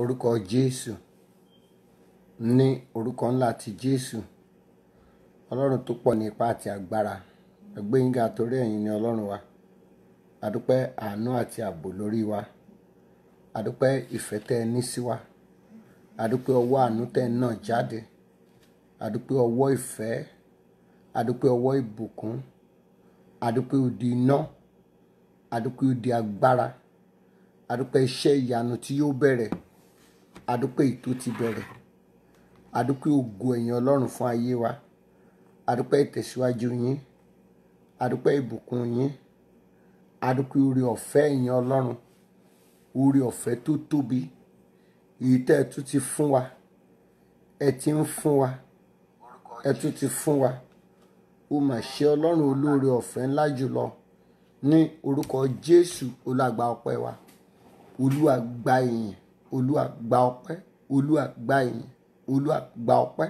orúkọ Jésù ní orúkọ ńlá ti Jésù ọlọ́run tó pọ̀ ní agbara àti agbára ẹgbẹ́ yín torí ni ọlọ́run wa adúpẹ́ àánú àti ààbò lórí wa adúpẹ́ ìfẹ́ tẹ́ ẹ ní sí wa adúpẹ́ ọwọ́ àánú tẹ́ ẹ náà jáde adúpẹ́ ọwọ́ ìfẹ́ adúpẹ́ ọwọ́ ìbùkún adúpẹ́ odi iná adúpẹ́ odi agbára adúpẹ́ iṣẹ́ ìyanu tí yóò bẹ̀rẹ̀ adúpẹ́ ètò ti bẹ̀rẹ̀ adúpẹ́ ògo ẹ̀yin ọlọ́run fún ayé wa adúpẹ́ ìtẹ̀síwájú yín adúpẹ́ ìbùkún yín adúpẹ́ oore ọ̀fẹ́ ẹ̀yin ọlọ́run oore ọ̀fẹ́ tó tóbi èyí tẹ́ ẹ tún ti fún wa ẹ ti ń fún wa ẹ tún ti fún wa o mà ṣe ọlọ́run olóore ọ̀fẹ́ ńlá jùlọ ní orúkọ jésù olùgbà ọpẹ́ wa olúwa gba ìyìn olúwa gba ọpẹ́ olúwa gba ìyìn olúwa gba ọpẹ́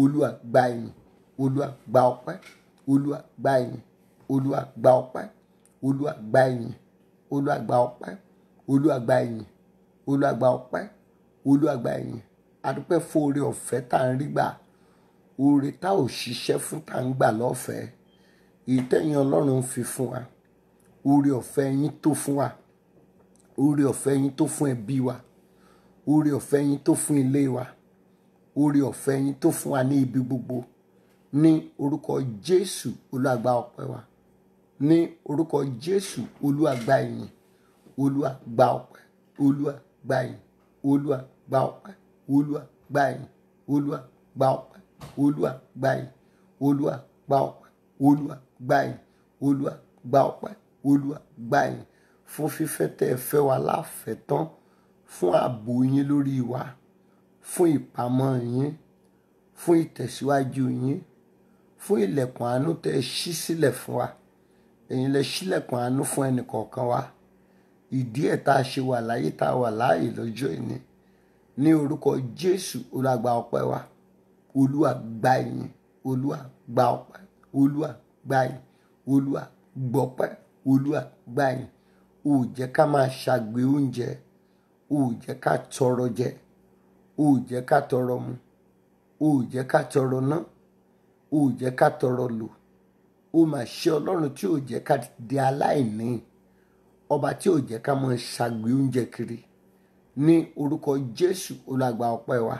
olúwa gba ìyìn olúwa gba ọpẹ́ olúwa gba ìyìn olúwa gba ọpẹ́ olúwa gba ìyìn olúwa gba ọpẹ́ olúwa gba ìyìn olúwa gba ọpẹ́ olúwa gba ìyìn adúpẹ́ fún oore ọ̀fẹ́ tá à ń rí gbà oore tá ò ṣiṣẹ́ fún tá à ń gbà lọ́fẹ̀ẹ́ ìtẹ́yìn ọlọ́run fi fún wa oore ọ̀fẹ́ yín tó fún wa oore ọ̀fẹ́ yín tó fún ẹbí wa oore ọ̀fẹ́ yín tó fún ilé wa oore ọ̀fẹ́ yín tó fún wa ní ibi gbogbo ní orúkọ Jésù olúàgbà ọpẹ́ wa ní orúkọ Jésù olúàgbà ìyìn olúàgbà ọpẹ́ olúàgbà ìyìn olúàgbà ọpẹ́ olúàgbà ìyìn olúàgbà ọpẹ́ olúàgbà ìyìn olúàgbà ọpẹ́ olúàgbà ìyìn olúàgbà ọpẹ́ olúàgbà ìyìn fún fífẹ́ tẹ́ ẹ fẹ́ wa láfẹ̀ẹ́ tán fún ààbò yín lórí wa fún ìpamọ́ yín fún ìtẹ̀síwájú yín fún ilẹ̀kùn àánú tẹ́ ẹ ṣí sílẹ̀ fún wa ẹ̀yin lẹ ṣílẹ̀kùn àánú fún ẹnìkọ̀ọ̀kan wa ìdí ẹ̀ tá a ṣe wà láyé tá a wà láàyè lọ́jọ́ ìní ní orúkọ Jésù Olúwa gba wa Olúwa gba ìyìn Olúwa gba ọpẹ́ Olúwa gba ìyìn Olúwa gbọpẹ́ Olúwa gba ìyìn ó ká máa ṣàgbé oúnjẹ. ò jẹ́ ká tọrọ jẹ ò jẹ́ ká tọrọ mu ò jẹ́ ká tọrọ ná ò jẹ́ ká tọrọ lò ó mà ṣe ọlọ́run tí ká di aláìní ọba tí ò jẹ́ ká máa ṣàgbé oúnjẹ kiri ní orúkọ jésù olùgbà ọpẹ́ wa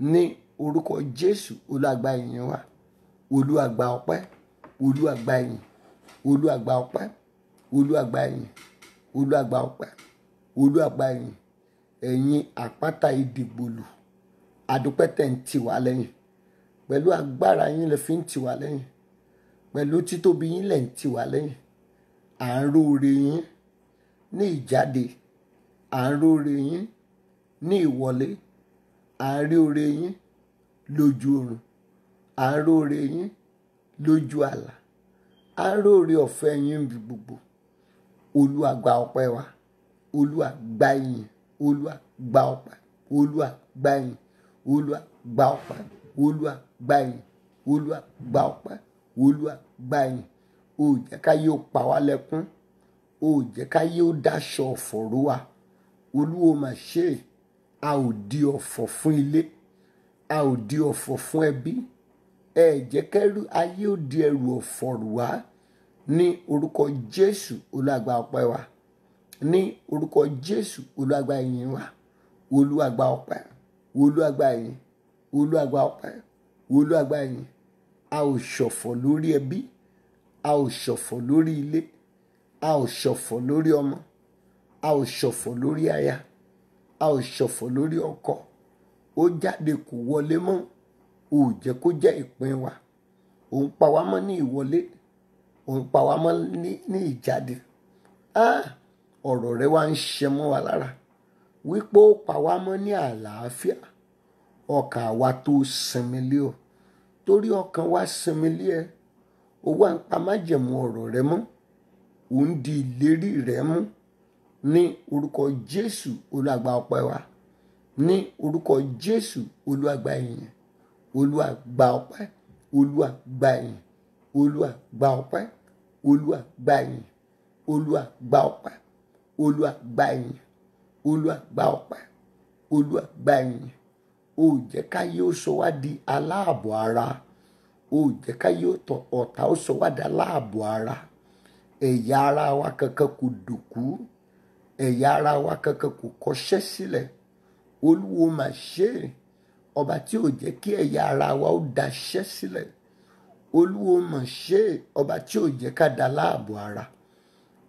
ní orúkọ jésù wa ẹ̀yin àpáta ìdìgbòlù àdúpẹ́ tẹ̀ ń tì wá lẹ́yìn pẹ̀lú agbára yín lẹ fi ń tì wá lẹ́yìn pẹ̀lú títóbi yín lẹ̀ ń tì wá lẹ́yìn à ń róore yín ní ìjáde à ń róore yín ní ìwọlé à ń rí oore yín lójú oorun à ń róore yín lójú àlà à ń róore ọ̀fẹ́ yín gbogbo olúwa gba ọpẹ́ wa olúwa gba ìyìn olúwa gba ọ̀pá olúwa gba ìyìn olúwa gba ọ̀pá olúwa gba ìyìn olúwa gba ọ̀pá olúwa gba ìyìn ó jẹ́ káyé ó pa wá lẹ́kún ó jẹ́ káyé ó dáṣọ ọ̀fọ̀ wa olúwo mà ṣe a ò di ọ̀fọ̀ fún ilé a ò di ọ̀fọ̀ fún ẹbí ẹ ayé ó di ẹrù ọ̀fọ̀ rù wá ní orúkọ jésù olúwa gba ọpẹ́ wa ní orúkọ jésù olúwàgbà yìnyín wa olúwàgbà ọpẹ́ olúwàgbà yìnyín olúwàgbà ọpẹ́ olúwàgbà yìnyín a ò ṣọ̀fọ̀ lórí ẹbí a ò ṣọ̀fọ̀ lórí ilé a ò ṣọ̀fọ̀ lórí ọmọ a ò ṣọ̀fọ̀ lórí aya a ò ṣọ̀fọ̀ lórí ọkọ ó jáde kò wọlé mọ́ ò jẹ́ kó jẹ́ ìpín wa òun pa wá mọ́ ní ìwọlé òun pa wá mọ́ ní ìjáde. Ah! ọ̀rọ̀ rẹ wá ń ṣe mọ́ wa lára wípé ó pa wá mọ́ ní àlàáfíà ọkàn àwa tó sinmi lé ọ torí ọkàn wa sinmi lé ẹ ó wá ń pa májẹ̀mú ọ̀rọ̀ rẹ mọ́ ò ń di ìlérí rẹ mú ní orúkọ Jésù olùgbà ọpẹ́ wa ní orúkọ Jésù olùgbà ìyìn olùgbà ọpẹ́ olùgbà ìyìn olùgbà ọpẹ́ olùgbà ìyìn olùgbà ọpẹ́. Olu agba anyị, olu agba ọkpa, olu agba anyị, o jẹ́ ká yóò sọ wá di aláàbò ara o jẹ́ ká yóò tọ ọ̀tá ó sọ wá di aláàbò ara eya ara wa kaka kò duku, eya ara wa kaka kò kọṣẹ́ sílẹ̀ oluwo ma ṣe ọba tí ò jẹ́ kí ẹ̀yà ara wa ó daṣẹ́ sílẹ̀ oluwo ma ṣe ọba tí ò jẹ́ ká da láàbò ara.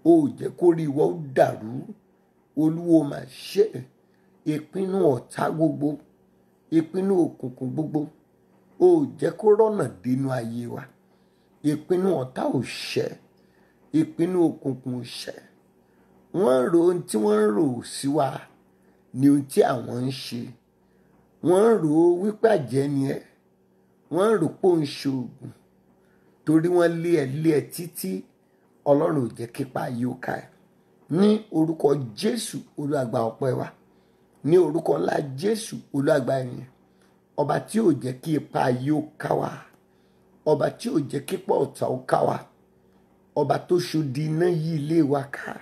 o jẹ́ kó rí ìwọ ó dàrú olúwo mà ṣe ìpinnu ọ̀tá gbogbo ìpinnu òkùnkùn gbogbo o jẹ́ kó rọ́nà dénú ayé wa ìpinnu ọ̀tá ò ṣẹ ìpinnu òkùnkùn ò ṣẹ wọ́n ń ro ohun tí wọ́n ń rò sí wa ni ohun tí àwọn ń ṣe wọ́n ń rò ó wípé àjẹ́ ni ẹ́ wọ́n ń rò pé ó ń ṣoògùn torí wọ́n lé ẹ lé ẹ títí ọlọ́run ò jẹ́ kípa yìí ó ká ẹ ní orúkọ jésù olúàgbà ọpẹ́ wa ní orúkọ ńlá jésù olúàgbà ẹ̀yìn ọba tí ò jẹ́ kí ipa yìí ká wa ọba tí ò jẹ́ kípa ọ̀tá ó ká wa ọba tó ṣodi iná yí ilé wa ká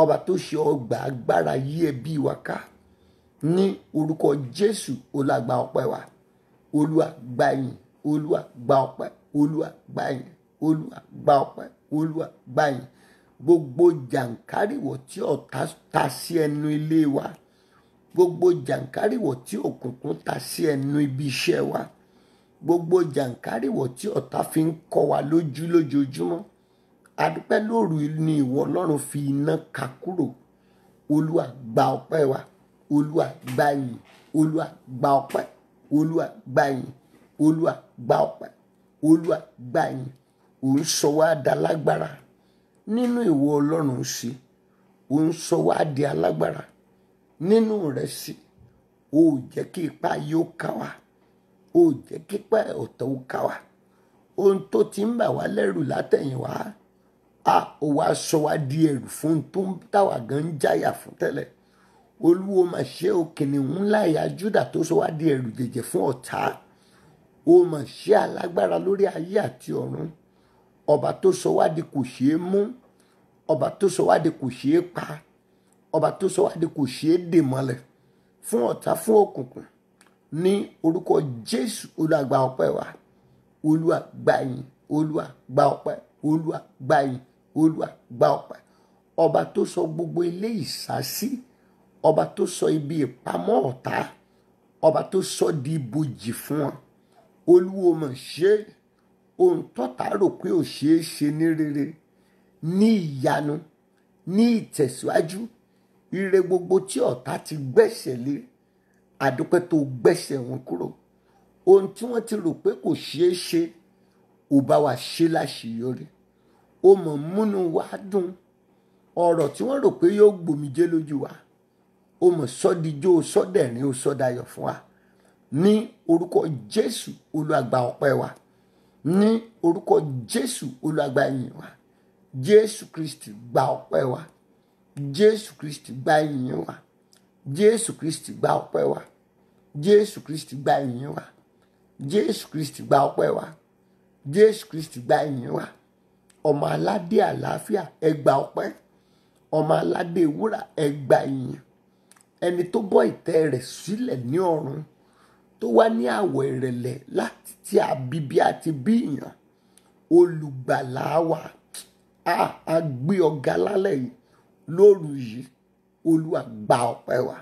ọba tó ṣe ọgbà agbára yí ẹbí wa ká ní orúkọ jésù olúàgbà ọpẹ́ wa olúwa gbà yín olúwa gbà ọpẹ́ olúwa gbà olúwa gbàyìn gbogbo jàǹkárìwọ̀ tí ọ̀tá ta sí ẹnu ilé wa gbogbo jàǹkárìwọ̀ tí òkùnkùn ta sí ẹnu ibi iṣẹ́ wa gbogbo jàǹkárìwọ̀ tí ọ̀tá fi ń kọ́ wa lójú lójoojúmọ́ adúpẹ́ lóru ni ìwọ ọlọ́run fi iná ka kúrò olúwa gba ọpẹ́ wa olúwa gba ìyìn olúwa gba ọpẹ́ olúwa gba ìyìn olúwa gba ọpẹ́ olúwa gba ìyìn ò ń sọ wá di alágbára nínú ìwọ ọlọ́run sí ò ń sọ wá di alágbára nínú rẹ sí ò jẹ́ kí ipa yóò ká wa ò jẹ́ kí ipa ọ̀tọ̀ ó ká wa ohun tó ti ń bà wá lẹ́rù látẹ̀yìnwá a ò wá sọ wá di ẹ̀rù fún tó ń táwa gan ń jáyà fún tẹ́lẹ̀ olúwo mà ṣe o ńlá ìyá Júdà tó sọ wá di ẹ̀rù jẹ̀jẹ̀ fún ọ̀tá o mà ṣe alágbára lórí ayé àti ọ̀run ọba tó sọ wá di kò ṣeé mú ọba tó sọ wá di kò ṣeé pa ọba tó sọ wá di kò ṣeé dè mọ́lẹ̀ fún ọ̀tá fún òkùnkùn ní orúkọ jésù olúwa gba ọpẹ́ wa olúwa gba yìn olúwa gba ọpẹ́ olúwa gba ọba tó sọ gbogbo ilé ìsásí ọba tó sọ ibi ìpamọ́ ọ̀tá ọba tó sọ di ibojì fún wọn olúwo mọ̀ ṣe ohun tọ́ta rò pé ò ṣeé ṣe ní rere ní ìyanu ní ìtẹ̀síwájú ire gbogbo tí ọ̀tá ti gbẹ́sẹ̀ lé àdúpẹ́ tó gbẹ́sẹ̀ wọn kúrò ohun tí wọ́n ti rò pé kò ṣeé ṣe ò bá wa ṣe láṣeyọrí o mọ̀ múnú wa dùn ọ̀rọ̀ tí wọ́n rò pé yóò gbòmìjé lójú wa o mọ̀ sọ́dijó sọ́dẹ̀rín sọ́dayọ̀ fún wa ní orúkọ Jésù olúwa ọpẹ́ wa ní orúkọ jésù olùgbàyìn wa jésù kristi gba ọpẹ́ wa jésù kristi gba ìyìn wa jésù kristi gba ọpẹ́ wa jésù kristi gba ìyìn wa jésù kristi gba ọpẹ́ wa jésù kristi gba ìyìn wa ọmọ aládé àlàáfíà ẹ gba ọpẹ́ ọmọ aládé wúrà ẹ gba ìyìn ẹni tó bọ́ ìtẹ́ rẹ̀ sílẹ̀ ní ọ̀run tó wá ní àwọ̀ ìrẹ̀lẹ̀ láti tí a bí bí a ti bí olùgbàlà wa a gbé ọ̀gá lálẹ́ yìí lóru yìí olúwa gba ọpẹ́ wa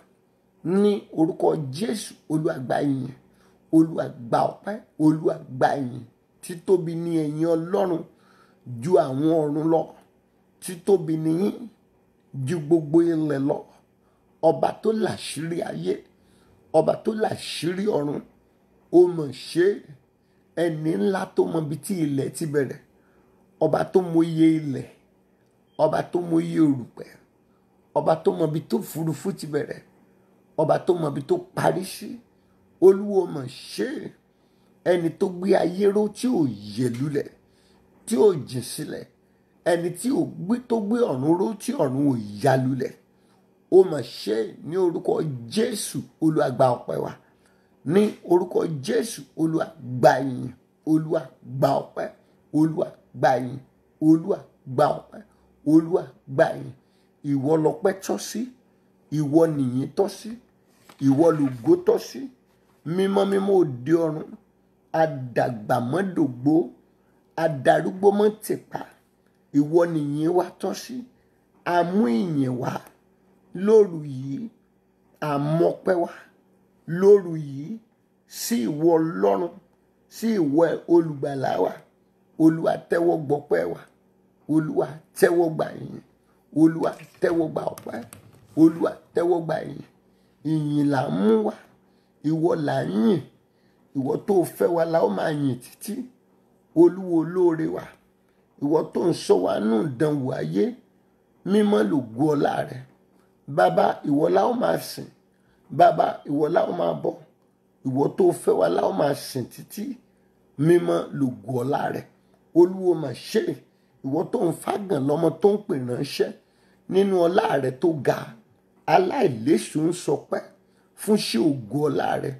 ní orúkọ jésù olúwa gba ìyìn olúwa gba ọpẹ́ olúwa gba títóbi ni ẹ̀yin ọlọ́run ju àwọn ọ̀run lọ títóbi ni yín ju gbogbo ilẹ̀ lọ ọba tó làṣírí ayé ọba tó láṣírí ọ̀run ó mọ̀ ṣe ẹni ńlá tó mọ ibi tí ilẹ̀ ti bẹ̀rẹ̀ ọba tó mọ iye ilẹ̀ ọba tó mọ iye òrùpẹ̀ ọba tó mọ ibi tó furuufú ti bẹ̀rẹ̀ ọba tó mọ ibi tó parí sí olúwo mọ̀ ṣe ẹni tó gbé ayé tí ò yẹ̀ lulẹ̀ tí ò jìn sílẹ̀ ẹni tí ò gbé tó gbé ọ̀run ró tí ọ̀run ò yá lulẹ̀ ó mà ṣe ní orúkọ jésù olúwa gba ọpẹ́ wa ní orúkọ jésù olúwa gba ìyìn olúwa gba ọpẹ́ olúwa gba ìyìn olúwa gba ọpẹ́ olúwa gba ìyìn ìwọ lọpẹ́ tọ́ sí ìwọ nìyìn tọ́ sí ìwọ lògo tọ́ sí mímọ́ mímọ́ òde ọ̀run adàgbàmọ́dògbò adarúgbó mọ́ tìpa ìwọ nìyìn wa tọ́ sí amú ìyìn wa lóru yìí àmọ́pẹ́ wa lóru yìí sí ìwọ ọlọ́run sí ìwọ olùgbàlà wa olúwa tẹ́wọ́ gbọ́pẹ́ wa olúwa tẹ́wọ́ gbà yín olúwa tẹ́wọ́ gbà ọpẹ́ olúwa tẹ́wọ́ gbà yín ìyìn là ń mú wa ìwọ là ń yìn ìwọ tó fẹ́ wa la ó máa yìn títí olúwo olóore wa ìwọ tó ń sọ wa nù dánwò ayé mímọ́ lògo ọlá rẹ̀ Baba, ìwọ la ó máa sìn Baba, ìwọ la ó máa bọ ìwọ tó fẹ́ wa la ó máa sìn títí mímọ́ lògùn ọlá rẹ̀ olúwo mà ṣe ìwọ tó ń fagàn lọ́mọ tó ń pè ránṣẹ́ nínú ọlá rẹ̀ tó ga aláìléṣu ń sọpẹ́ fún ṣé ògo ọlá rẹ̀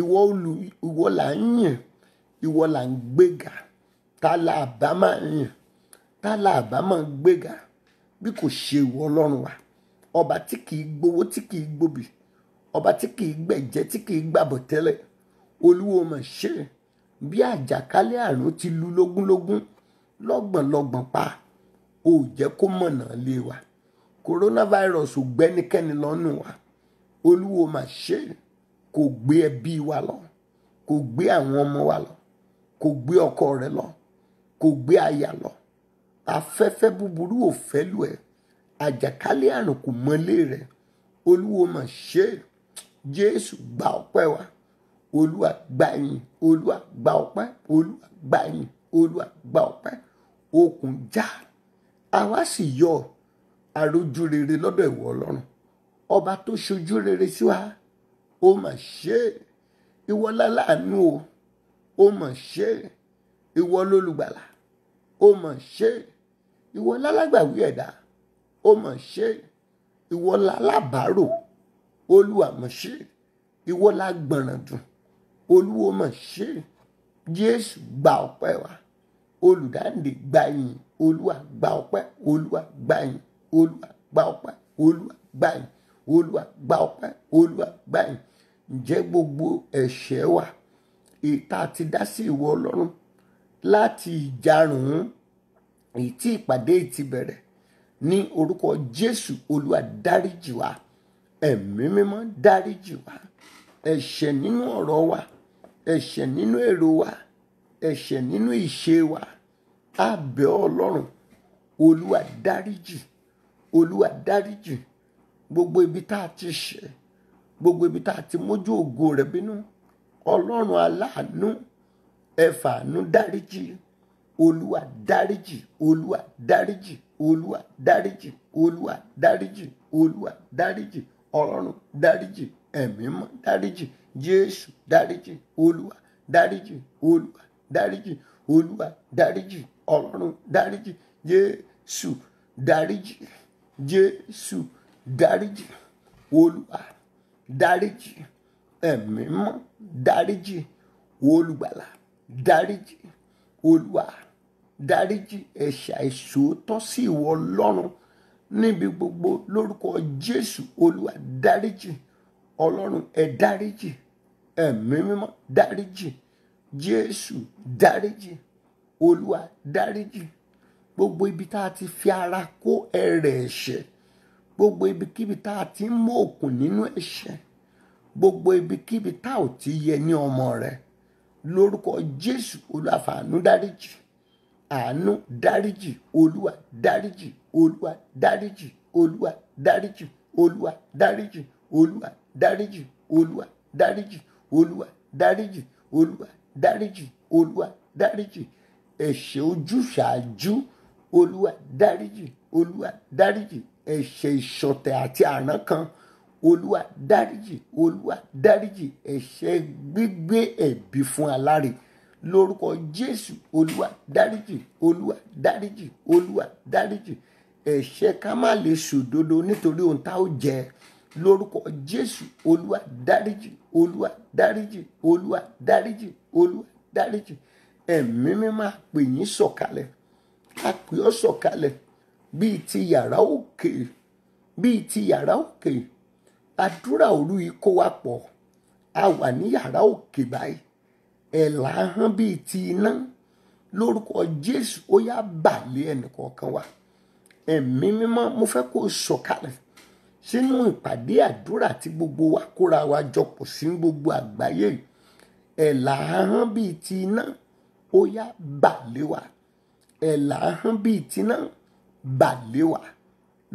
ìwọ olù ìwọ là ń yìn ìwọ là ń gbéga ta la àbá máa yìn ta la àbá máa gbéga bí kò ṣe ìwọ ọlọ́run wa ọba tí kìí gbowó tí kìí gbòbì ọba tí kìí gbẹ̀jẹ̀ tí kìí gbàbọ̀ tẹ́lẹ̀ olúwo mà ṣe bí àjàkálẹ̀ àrùn ti lu lógúnlógún lọ́gbọ̀nlọ́gbọ̀n pa ò jẹ́ kó mọ̀nà lé wa coronavirus ò gbẹ́nikẹ́ni lọ́nù wa olúwo mà ṣe kò gbé ẹbí wa lọ kò gbé àwọn ọmọ wa lọ kò gbé ọkọ rẹ lọ kò gbé aya lọ afẹ́fẹ́ búburú ò fẹ́ lù ẹ́ àjàkálẹ̀ àrùn kò mọ́lé rẹ̀ olúwo mà ṣe jésù gba ọpẹ́ wa olúwa gba yìn olúwa gba ọpẹ́ olúwa gba yìn olúwa gba ọpẹ́ okùn já àwa sì yọ àròjù rere lọ́dọ̀ ìwọ ọlọ́run ọba tó ṣojú rere sí wa ó mà ṣe ìwọ láláàánú o ó mà ṣe ìwọ lólùgbàlà ó mà ṣe ìwọ lálágbàwí ẹ̀dá. E ó mọ̀ ṣe ìwọ la lábàárò olúwa mọ̀ ṣe ìwọ la gbọ̀ràn dùn olúwo mọ̀ ṣe jésù gba ọpẹ́ wa olùdáǹdè gba yìn olúwa gba ọpẹ́ olúwa gba yìn olúwa gba ọpẹ́ olúwa gba yìn olúwa gba ọpẹ́ olúwa gba yìn ǹjẹ́ gbogbo ẹ̀ṣẹ̀ wa ìta ti dá sí ìwọ ọlọ́run láti ìjarùn-ún ìtí ìpàdé ti bẹ̀rẹ̀ ní orúkọ jésù olúwa dáríjì wá ẹ̀mí mímọ́ dáríjì wá ẹ̀ṣẹ̀ nínú ọ̀rọ̀ wa ẹ̀ṣẹ̀ nínú èrò wa ẹ̀ṣẹ̀ nínú ìṣe wa a bẹ̀ ọ́ ọlọ́run olúwa dáríjì olúwa dáríjì gbogbo ibi tá a ti ṣẹ̀ gbogbo ibi tá a ti mójú ògo rẹ̀ bínú ọlọ́run aláàánú ẹ̀fàánú dáríjì olúwa dáríjì olúwa dáríjì olúwa dáríjì olúwa dáríjì olúwa dáríjì ọlọ́run dáríjì ẹ̀mí mọ́ dáríjì jésù dáríjì olúwa dáríjì olúwa dáríjì olúwa dáríjì ọlọ́run dáríjì jésù dáríjì jésù dáríjì olúwa dáríjì ẹ̀mí mọ́ dáríjì olùgbàlà dáríjì olúwa dáríjì ẹ̀ṣẹ̀ àìṣòótọ́ sí ìwọ ọlọ́run níbi gbogbo lórúkọ jésù olúwa dáríjì ọlọ́run ẹ dáríjì ẹ̀mí mímọ́ dáríjì jésù dáríjì olúwa dáríjì gbogbo ibi tá a ti fi ara kó ẹrẹ̀ ẹ̀ṣẹ̀ gbogbo ibikíbi tá a ti ń mú òkun nínú ẹ̀ṣẹ̀ gbogbo ibikíbi tá ò ti yẹ ní ọmọ rẹ lórúkọ jésù olúwa fàánú dáríjì àánú dáríjì olúwa dáríjì olúwa dáríjì olúwa dáríjì olúwa dáríjì olúwa dáríjì olúwa dáríjì olúwa dáríjì olúwa dáríjì olúwa dáríjì ẹ̀ṣẹ̀ ojúṣàájú olúwa dáríjì olúwa dáríjì ẹ̀ṣẹ̀ ìṣọ̀tẹ̀ àti àrán kan olúwa dáríjì olúwa dáríjì ẹ̀ṣẹ̀ gbígbé ẹ̀bi fún aláre. E lórúkọ jésù olúwa dáríjì olúwa dáríjì olúwa dáríjì ẹ̀ṣẹ̀ ká má lè sòdodo nítorí ohun tá ó jẹ lórúkọ jésù olúwa dáríjì olúwa dáríjì olúwa dáríjì olúwa dáríjì ẹ̀mí mímọ́ pè yín sọ̀kalẹ̀ a pè ọ́ sọ̀kalẹ̀ bíi ti yàrá òkè bíi ti yàrá òkè àdúrà òru yìí kó wa pọ̀ a wà ní yàrá òkè báyìí ẹ̀là hán bíi ti iná lórúkọ Jésù ó yá bàlẹ́ ẹnìkọ̀ọ̀kan wa ẹ̀mí mímọ́ mo fẹ́ kó sọ̀kalẹ̀ sínú ìpàdé àdúrà tí gbogbo wa kóra wa jọpọ̀ sí gbogbo àgbáyé ẹ̀là hán bíi ti iná ó yá bàlẹ́ wa ẹ̀là hán bíi ti iná bàlẹ́ wa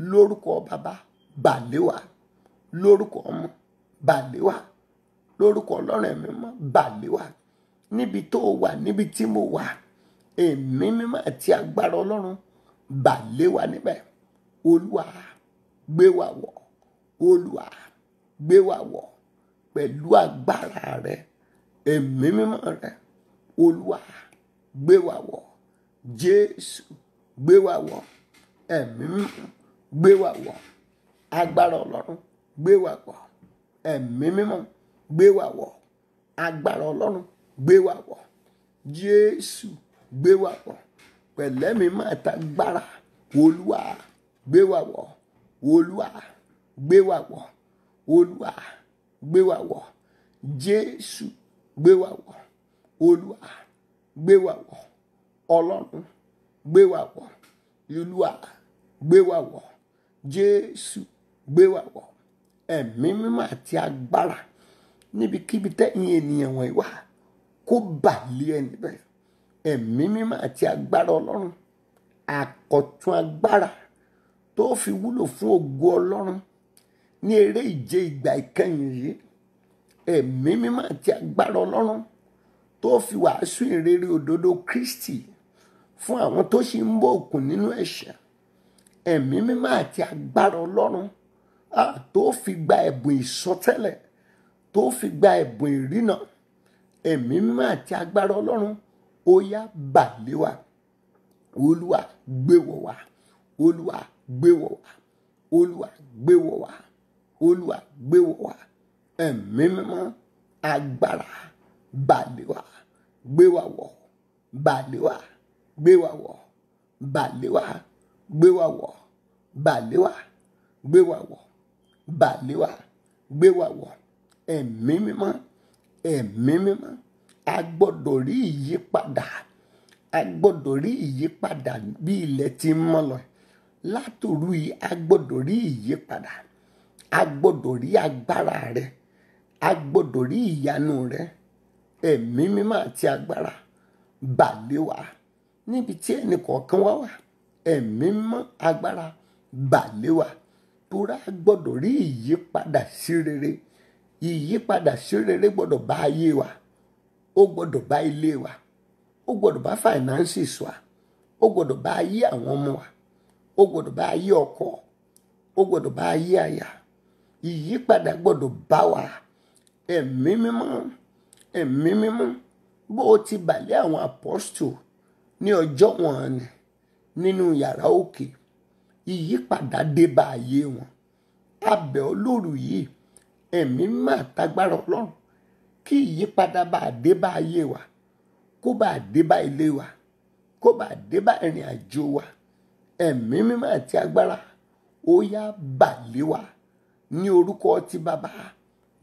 lórúkọ bàbá bàlẹ́ wa lórúkọ ọmọ bàlẹ́ wa lórúkọ ọlọ́run ẹ̀mí mọ́ bàlẹ́ wa níbi tó wà níbi tí mo wà èmi mímọ́ àti agbára ọlọ́run bà lé wa níbẹ̀ olúwa gbé wa wọ̀ olúwa gbé wa wọ̀ pẹ̀lú agbára rẹ èmi mímọ́ rẹ olúwa gbé wa wọ̀ jésù gbé wa wọ̀ ẹ̀mí mímọ́ gbé wa wọ̀ agbára ọlọ́run gbé wa wọ̀ ẹ̀mí mímọ́ gbé wa wọ̀ agbára ọlọ́run gbé wa wọ̀ jésù gbé wa wọ̀ pẹ̀lẹ́mi máa ta gbára olúwa gbé wa wọ̀ olúwa gbé wa wọ̀ olúwa gbé wa wọ̀ jésù gbé wa wọ̀ olúwa gbé wa wọ̀ ọlọ́run gbé wa wọ̀ olúwa gbé wa wọ̀ jésù gbé wa wọ̀ ẹ̀mí mímọ́ àti agbára níbikíbi tẹ́yìn ènìyàn wọ̀nyí wà kó bà lé ẹni bẹ́ẹ̀ ẹ̀mí mímọ́ àti agbára ọlọ́run àkọ̀tun agbára tó fi wúlò fún ògo ọlọ́run ní eré ìje ìgbà ìkẹyìn yìí ẹ̀mí mímọ́ àti agbára ọlọ́run tó fi wàásù ìrere òdodo Kristi fún àwọn tó ṣì ń bọ̀ òkun nínú ẹ̀ṣẹ̀ ẹ̀mí mímọ́ àti agbára ọlọ́run tó fi gba ẹ̀bùn ìsọtẹ́lẹ̀ tó fi gba ẹ̀bùn ìrìnà ẹ̀mí mímọ́ àti agbára ọlọ́run ó yá bà wa olúwa gbé wa wá olúwa gbé wọ̀ wá olúwa gbé wọ̀ olúwa gbé wọ̀ ẹ̀mí mímọ́ agbára bà wa gbé wa wọ̀ bà lé wa gbé wa wọ̀ bà wa gbé wa wọ̀ bà wa gbé wa wọ̀ bà wa gbé wọ̀ ẹ̀mí mímọ́ ẹ̀mí mímọ́ a gbọ́dọ̀ rí ìyípadà a gbọ́dọ̀ rí ìyípadà bí ilẹ̀ ti ń mọ́ lọ látòrú yìí a gbọ́dọ̀ rí ìyípadà a gbọ́dọ̀ rí agbára rẹ a gbọ́dọ̀ rí ìyanu rẹ ẹ̀mí mímọ́ àti agbára bà wa níbi tí ẹnì kọ̀ọ̀kan wá wà ẹ̀mí mímọ́ agbára bà wa torí a gbọ́dọ̀ rí ìyípadà sí rere. Si ìyípadà sórere gbọ́dọ̀ bá ayé wa ó gbọ́dọ̀ bá ilé wa ó gbọ́dọ̀ bá finances wa ó gbọ́dọ̀ bá ayé àwọn ọmọ wa ó gbọ́dọ̀ bá ayé ọkọ ó gbọ́dọ̀ bá ayé aya ìyípadà gbọ́dọ̀ bá wa ẹ̀mí mímọ́ ẹ̀mí mímọ́ bó o ti bàlẹ́ àwọn apọ́stò ní ọjọ́ wọn ni nínú yàrá òkè ìyípadà dé bá ayé wọn a bẹ̀ yìí ẹ̀mí mà tágbára ọlọ́run kí ìyípadà bá dé bá ayé wa kó bá dé bá ilé wa kó bá dé bá ìrìn àjò wa ẹ̀mí mímọ́ àti agbára ó yá bà lé wa ní orúkọ ti bàbá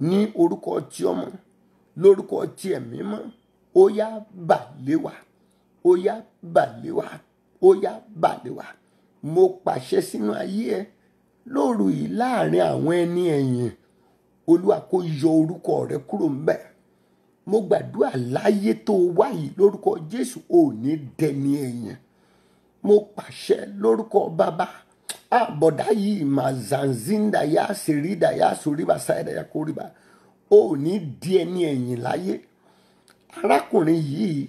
ní orúkọ ti ọmọ lórúkọ ti ẹ̀mí mọ́ ó yá bà wa ó yá bà wa ó yá bà wa mo pàṣẹ sínú ayé ẹ lóru yìí láàrin àwọn ẹni ẹ̀yìn. E olúwa kó yọ orúkọ rẹ kúrò ńbẹ̀ mo gbàdúrà láyé tó wá yìí lórúkọ jésù ò ní dẹni ẹ̀yìn mo pàṣẹ lórúkọ bàbá àbọ̀dá yìí mà zanzinda yá sèrìdà yá sòríbà sáyẹ̀dà yá kórìbà ò ní di ẹni ẹ̀yìn láyé arákùnrin yìí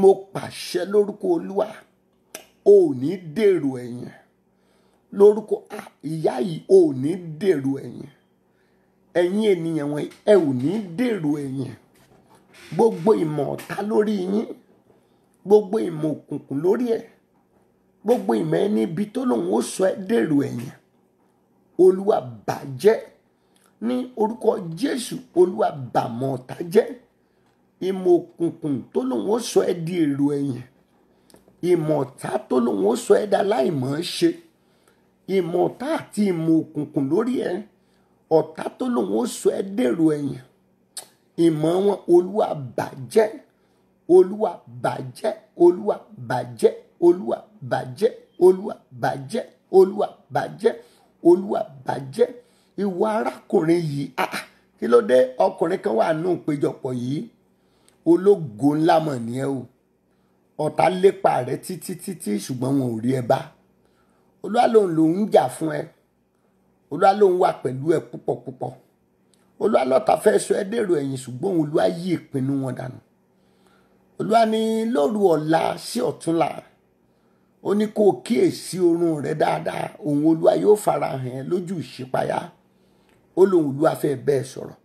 mo pàṣẹ lórúkọ olúwa ò dèrò ẹ̀yìn lórúkọ ìyá yìí ò dèrò ẹ̀yìn ẹ̀yin ènìyàn wọ̀nyí ẹ ò ní dèrò ẹ̀yìn gbogbo ìmọ̀ ọ̀tá lórí yín gbogbo ìmọ̀ òkùnkùn lórí ẹ̀ gbogbo ìmọ̀ ẹni ibi tó lòun ó sọ ẹ́ dèrò ẹ̀yìn olúwa bàjẹ́ ní orúkọ jésù olúwa bàmọ̀ ọ̀tá jẹ́ ìmọ̀ òkùnkùn tó lòun ó sọ ẹ́ di èrò ẹ̀yìn ìmọ̀ ọ̀tá tó lòun ó sọ ẹ́ dá láìmọ̀ ṣe ìmọ̀ ọ̀tá àti ìmọ̀ òkùnkùn lórí ẹ̀ ọ̀tá tó lòun ó sọ ẹ́ dèrò ẹ̀yìn ìmọ̀ wọn olúwa bàjẹ́ olúwa bàjẹ́ olúwa bàjẹ́ olúwa bàjẹ́ olúwa bàjẹ́ olúwa bàjẹ́ olúwa bàjẹ́ ìwà arákùnrin yìí ah, ah kí ló dé ọkùnrin kan wà nù péjọpọ̀ yìí ológo ńlá mọ̀ ní ẹ o ọ̀tá lépa rẹ títí títí ṣùgbọ́n wọn ò rí ẹ bá olúwa lòun lòun ń jà fún ẹ olúwa lòun wà pẹ̀lú ẹ púpọ̀ púpọ̀ olúwa lọ́tà fẹ́ sọ ẹ́ dèrò ẹ̀yìn ṣùgbọ́n olúwa yí ìpinnu wọn dànù olúwa ní lóru ọ̀la sí ọ̀túnla ó ní kó o kíyèsí oorun rẹ dáadáa òun olúwa yóò fara hàn ẹ́ lójú ìṣípayá ó lóun olúwa fẹ́ bẹ́ẹ̀ sọ̀rọ̀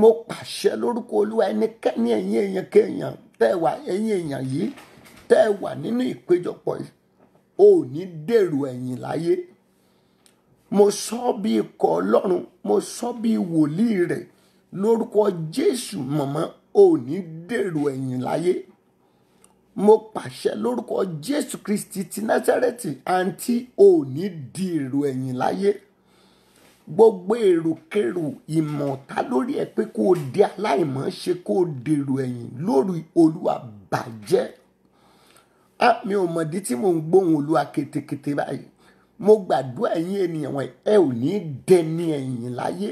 mo pàṣẹ lórúkọ olúwa ẹnikẹ́ni ẹ̀yin èèyàn kéèyàn tẹ́ ẹ wà ẹ̀yin èèyàn yìí tẹ́ ẹ wà nínú ìpéjọpọ̀ yìí o ò ní dèrò ẹ̀yìn láyé mo sọ bí ikọ̀ ọlọ́run mo sọ bí wòlíì rẹ̀ lórúkọ jésù mọ̀mọ́ ò ní dèrò ẹ̀yìn láyé mo pàṣẹ lórúkọ jésù kristi ti násárẹ́tì àǹtí ò ní dèrò ẹ̀yìn láyé gbogbo èròkèrò ìmọ̀ta lórí ẹ pé kó o di aláìmọ̀ ṣe kó o dèrò ẹ̀yìn lórí olúwa bàjẹ́ mi ò mọ̀dí tí mò ń gbóhùn olúwa ketekete báyìí mo gbàdúrà ẹ̀yin ènìyàn wọn ẹ ò ní dẹni ẹ̀yìn láyé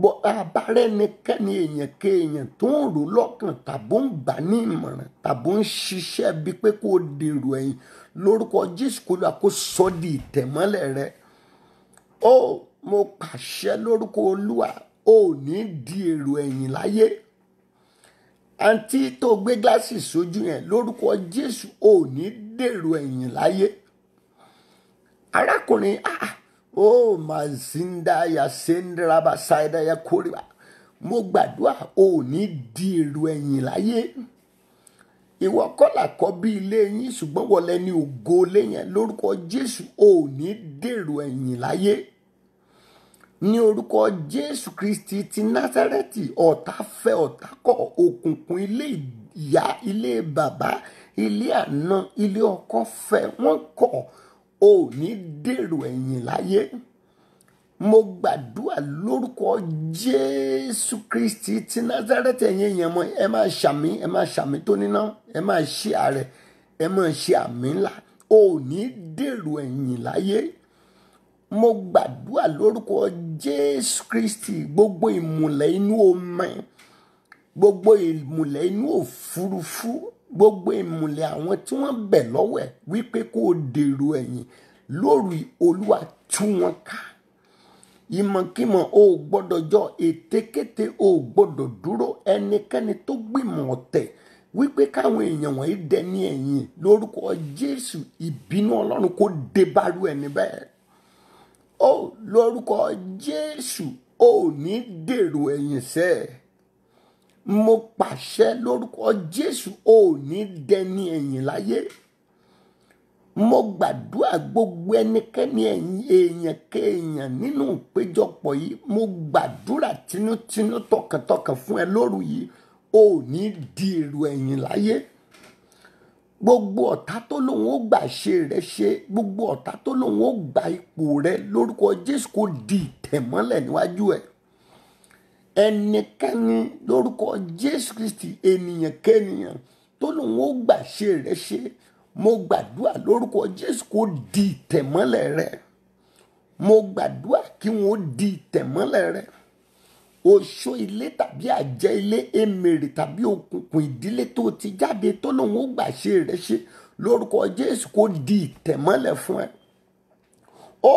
bọ́ abárẹ́nikẹ́ni èèyàn kéèyàn tó ń rò lọ́kàn tàbó ń gbà ní ìmọ̀ràn tàbó ń ṣiṣẹ́ bíi pé kó dèrò ẹ̀yìn lórúkọ jésù kó lóra kó sọ di ìtẹ̀mọ́lẹ̀ rẹ ó mo pàṣẹ lórúkọ olúwa ó ní di èrò ẹ̀yìn láyé àǹtí tó gbé gíláàsì sójú yẹn lórúkọ jésù ó ní dèrò ẹ̀yìn láyé arákùnrin ah ó mazinda yasendra basaida yakoriba mo gbàdúrà ò ní di èrò ẹ̀yìn láyé ìwọ kọ́là kọ́ bí ilé yín ṣùgbọ́n wọlé ní ògo léyìn lórúkọ jésù ò ní dèrò ẹ̀yìn láyé ní orúkọ jésù kristi ti násárẹ́tì ọ̀tá fẹ́ ọ̀tá kọ̀ òkùnkùn ilé ìyá ilé bàbá ilé àna ilé ọkọ fẹ́ wọ́n kọ̀ ò ní dèrò ẹ̀yìn láyé mo gbàdúrà lórúkọ jésù kristi ti nazareth ẹ̀yin èèyàn mọ́ ẹ máa ṣàmì ẹ máa ṣàmì tó níná ẹ máa ṣe àrẹ ẹ máa ṣe àmì ńlá ò ní dèrò ẹ̀yìn láyé mo gbàdúrà lórúkọ jésù kristi gbogbo ìmùlẹ̀ inú omi gbogbo ìmùlẹ̀ inú òfurufú gbogbo ìmùlẹ̀ àwọn tí wọ́n bẹ̀ lọ́wọ́ ẹ̀ wípé kó o dèrò ẹ̀yìn lórí olúwa tú wọn ká ìmọ̀kímọ̀ o ò gbọ́dọ̀ jọ ètekéte o ò gbọ́dọ̀ dúró ẹnikẹ́ni tó gbìmọ̀ ọ̀tẹ̀ wípé káwọn èèyàn wọ̀nyí dẹni ẹ̀yìn lórúkọ jésù ìbínú ọlọ́run kó débárú ẹni bẹ́ẹ̀ o lórúkọ jésù o ò ní dèrò ẹ̀yìn sẹ́ẹ̀ mo pàṣẹ lórúkọ jésù ò ní dẹni ẹ̀yìn láyé mo gbàdúrà gbogbo ẹnikẹ́ni èèyàn kéèyàn nínú ìpéjọpọ̀ yìí mo gbàdúrà tinútinú tọkàntọkàn fún ẹ lóru yìí ò ní di èrò ẹ̀yìn láyé gbogbo ọ̀tá tó lòun ó gbà ṣe rẹ ṣe gbogbo ọ̀tá tó lòun ó gba ipò rẹ lórúkọ jésù kò di ìtẹ̀mọ́lẹ̀ níwájú ẹ̀ ẹnikẹ́ni lórúkọ jésù kristi ènìyàn kẹ́nìyàn tó lòun ó gbà ṣe rẹ ṣe mo gbàdúrà lórúkọ jésù kó di ìtẹ̀mọ́lẹ̀ rẹ mo gbàdúrà kí wọn ó di ìtẹ̀mọ́lẹ̀ rẹ oṣó ilé tàbí àjẹ́ ilé emèrè tàbí òkùnkùn ìdílé tó ti jáde tó lòun ó gbà ṣe rẹ ṣe lórúkọ jésù kó di ìtẹ̀mọ́lẹ̀ fún ẹ. ó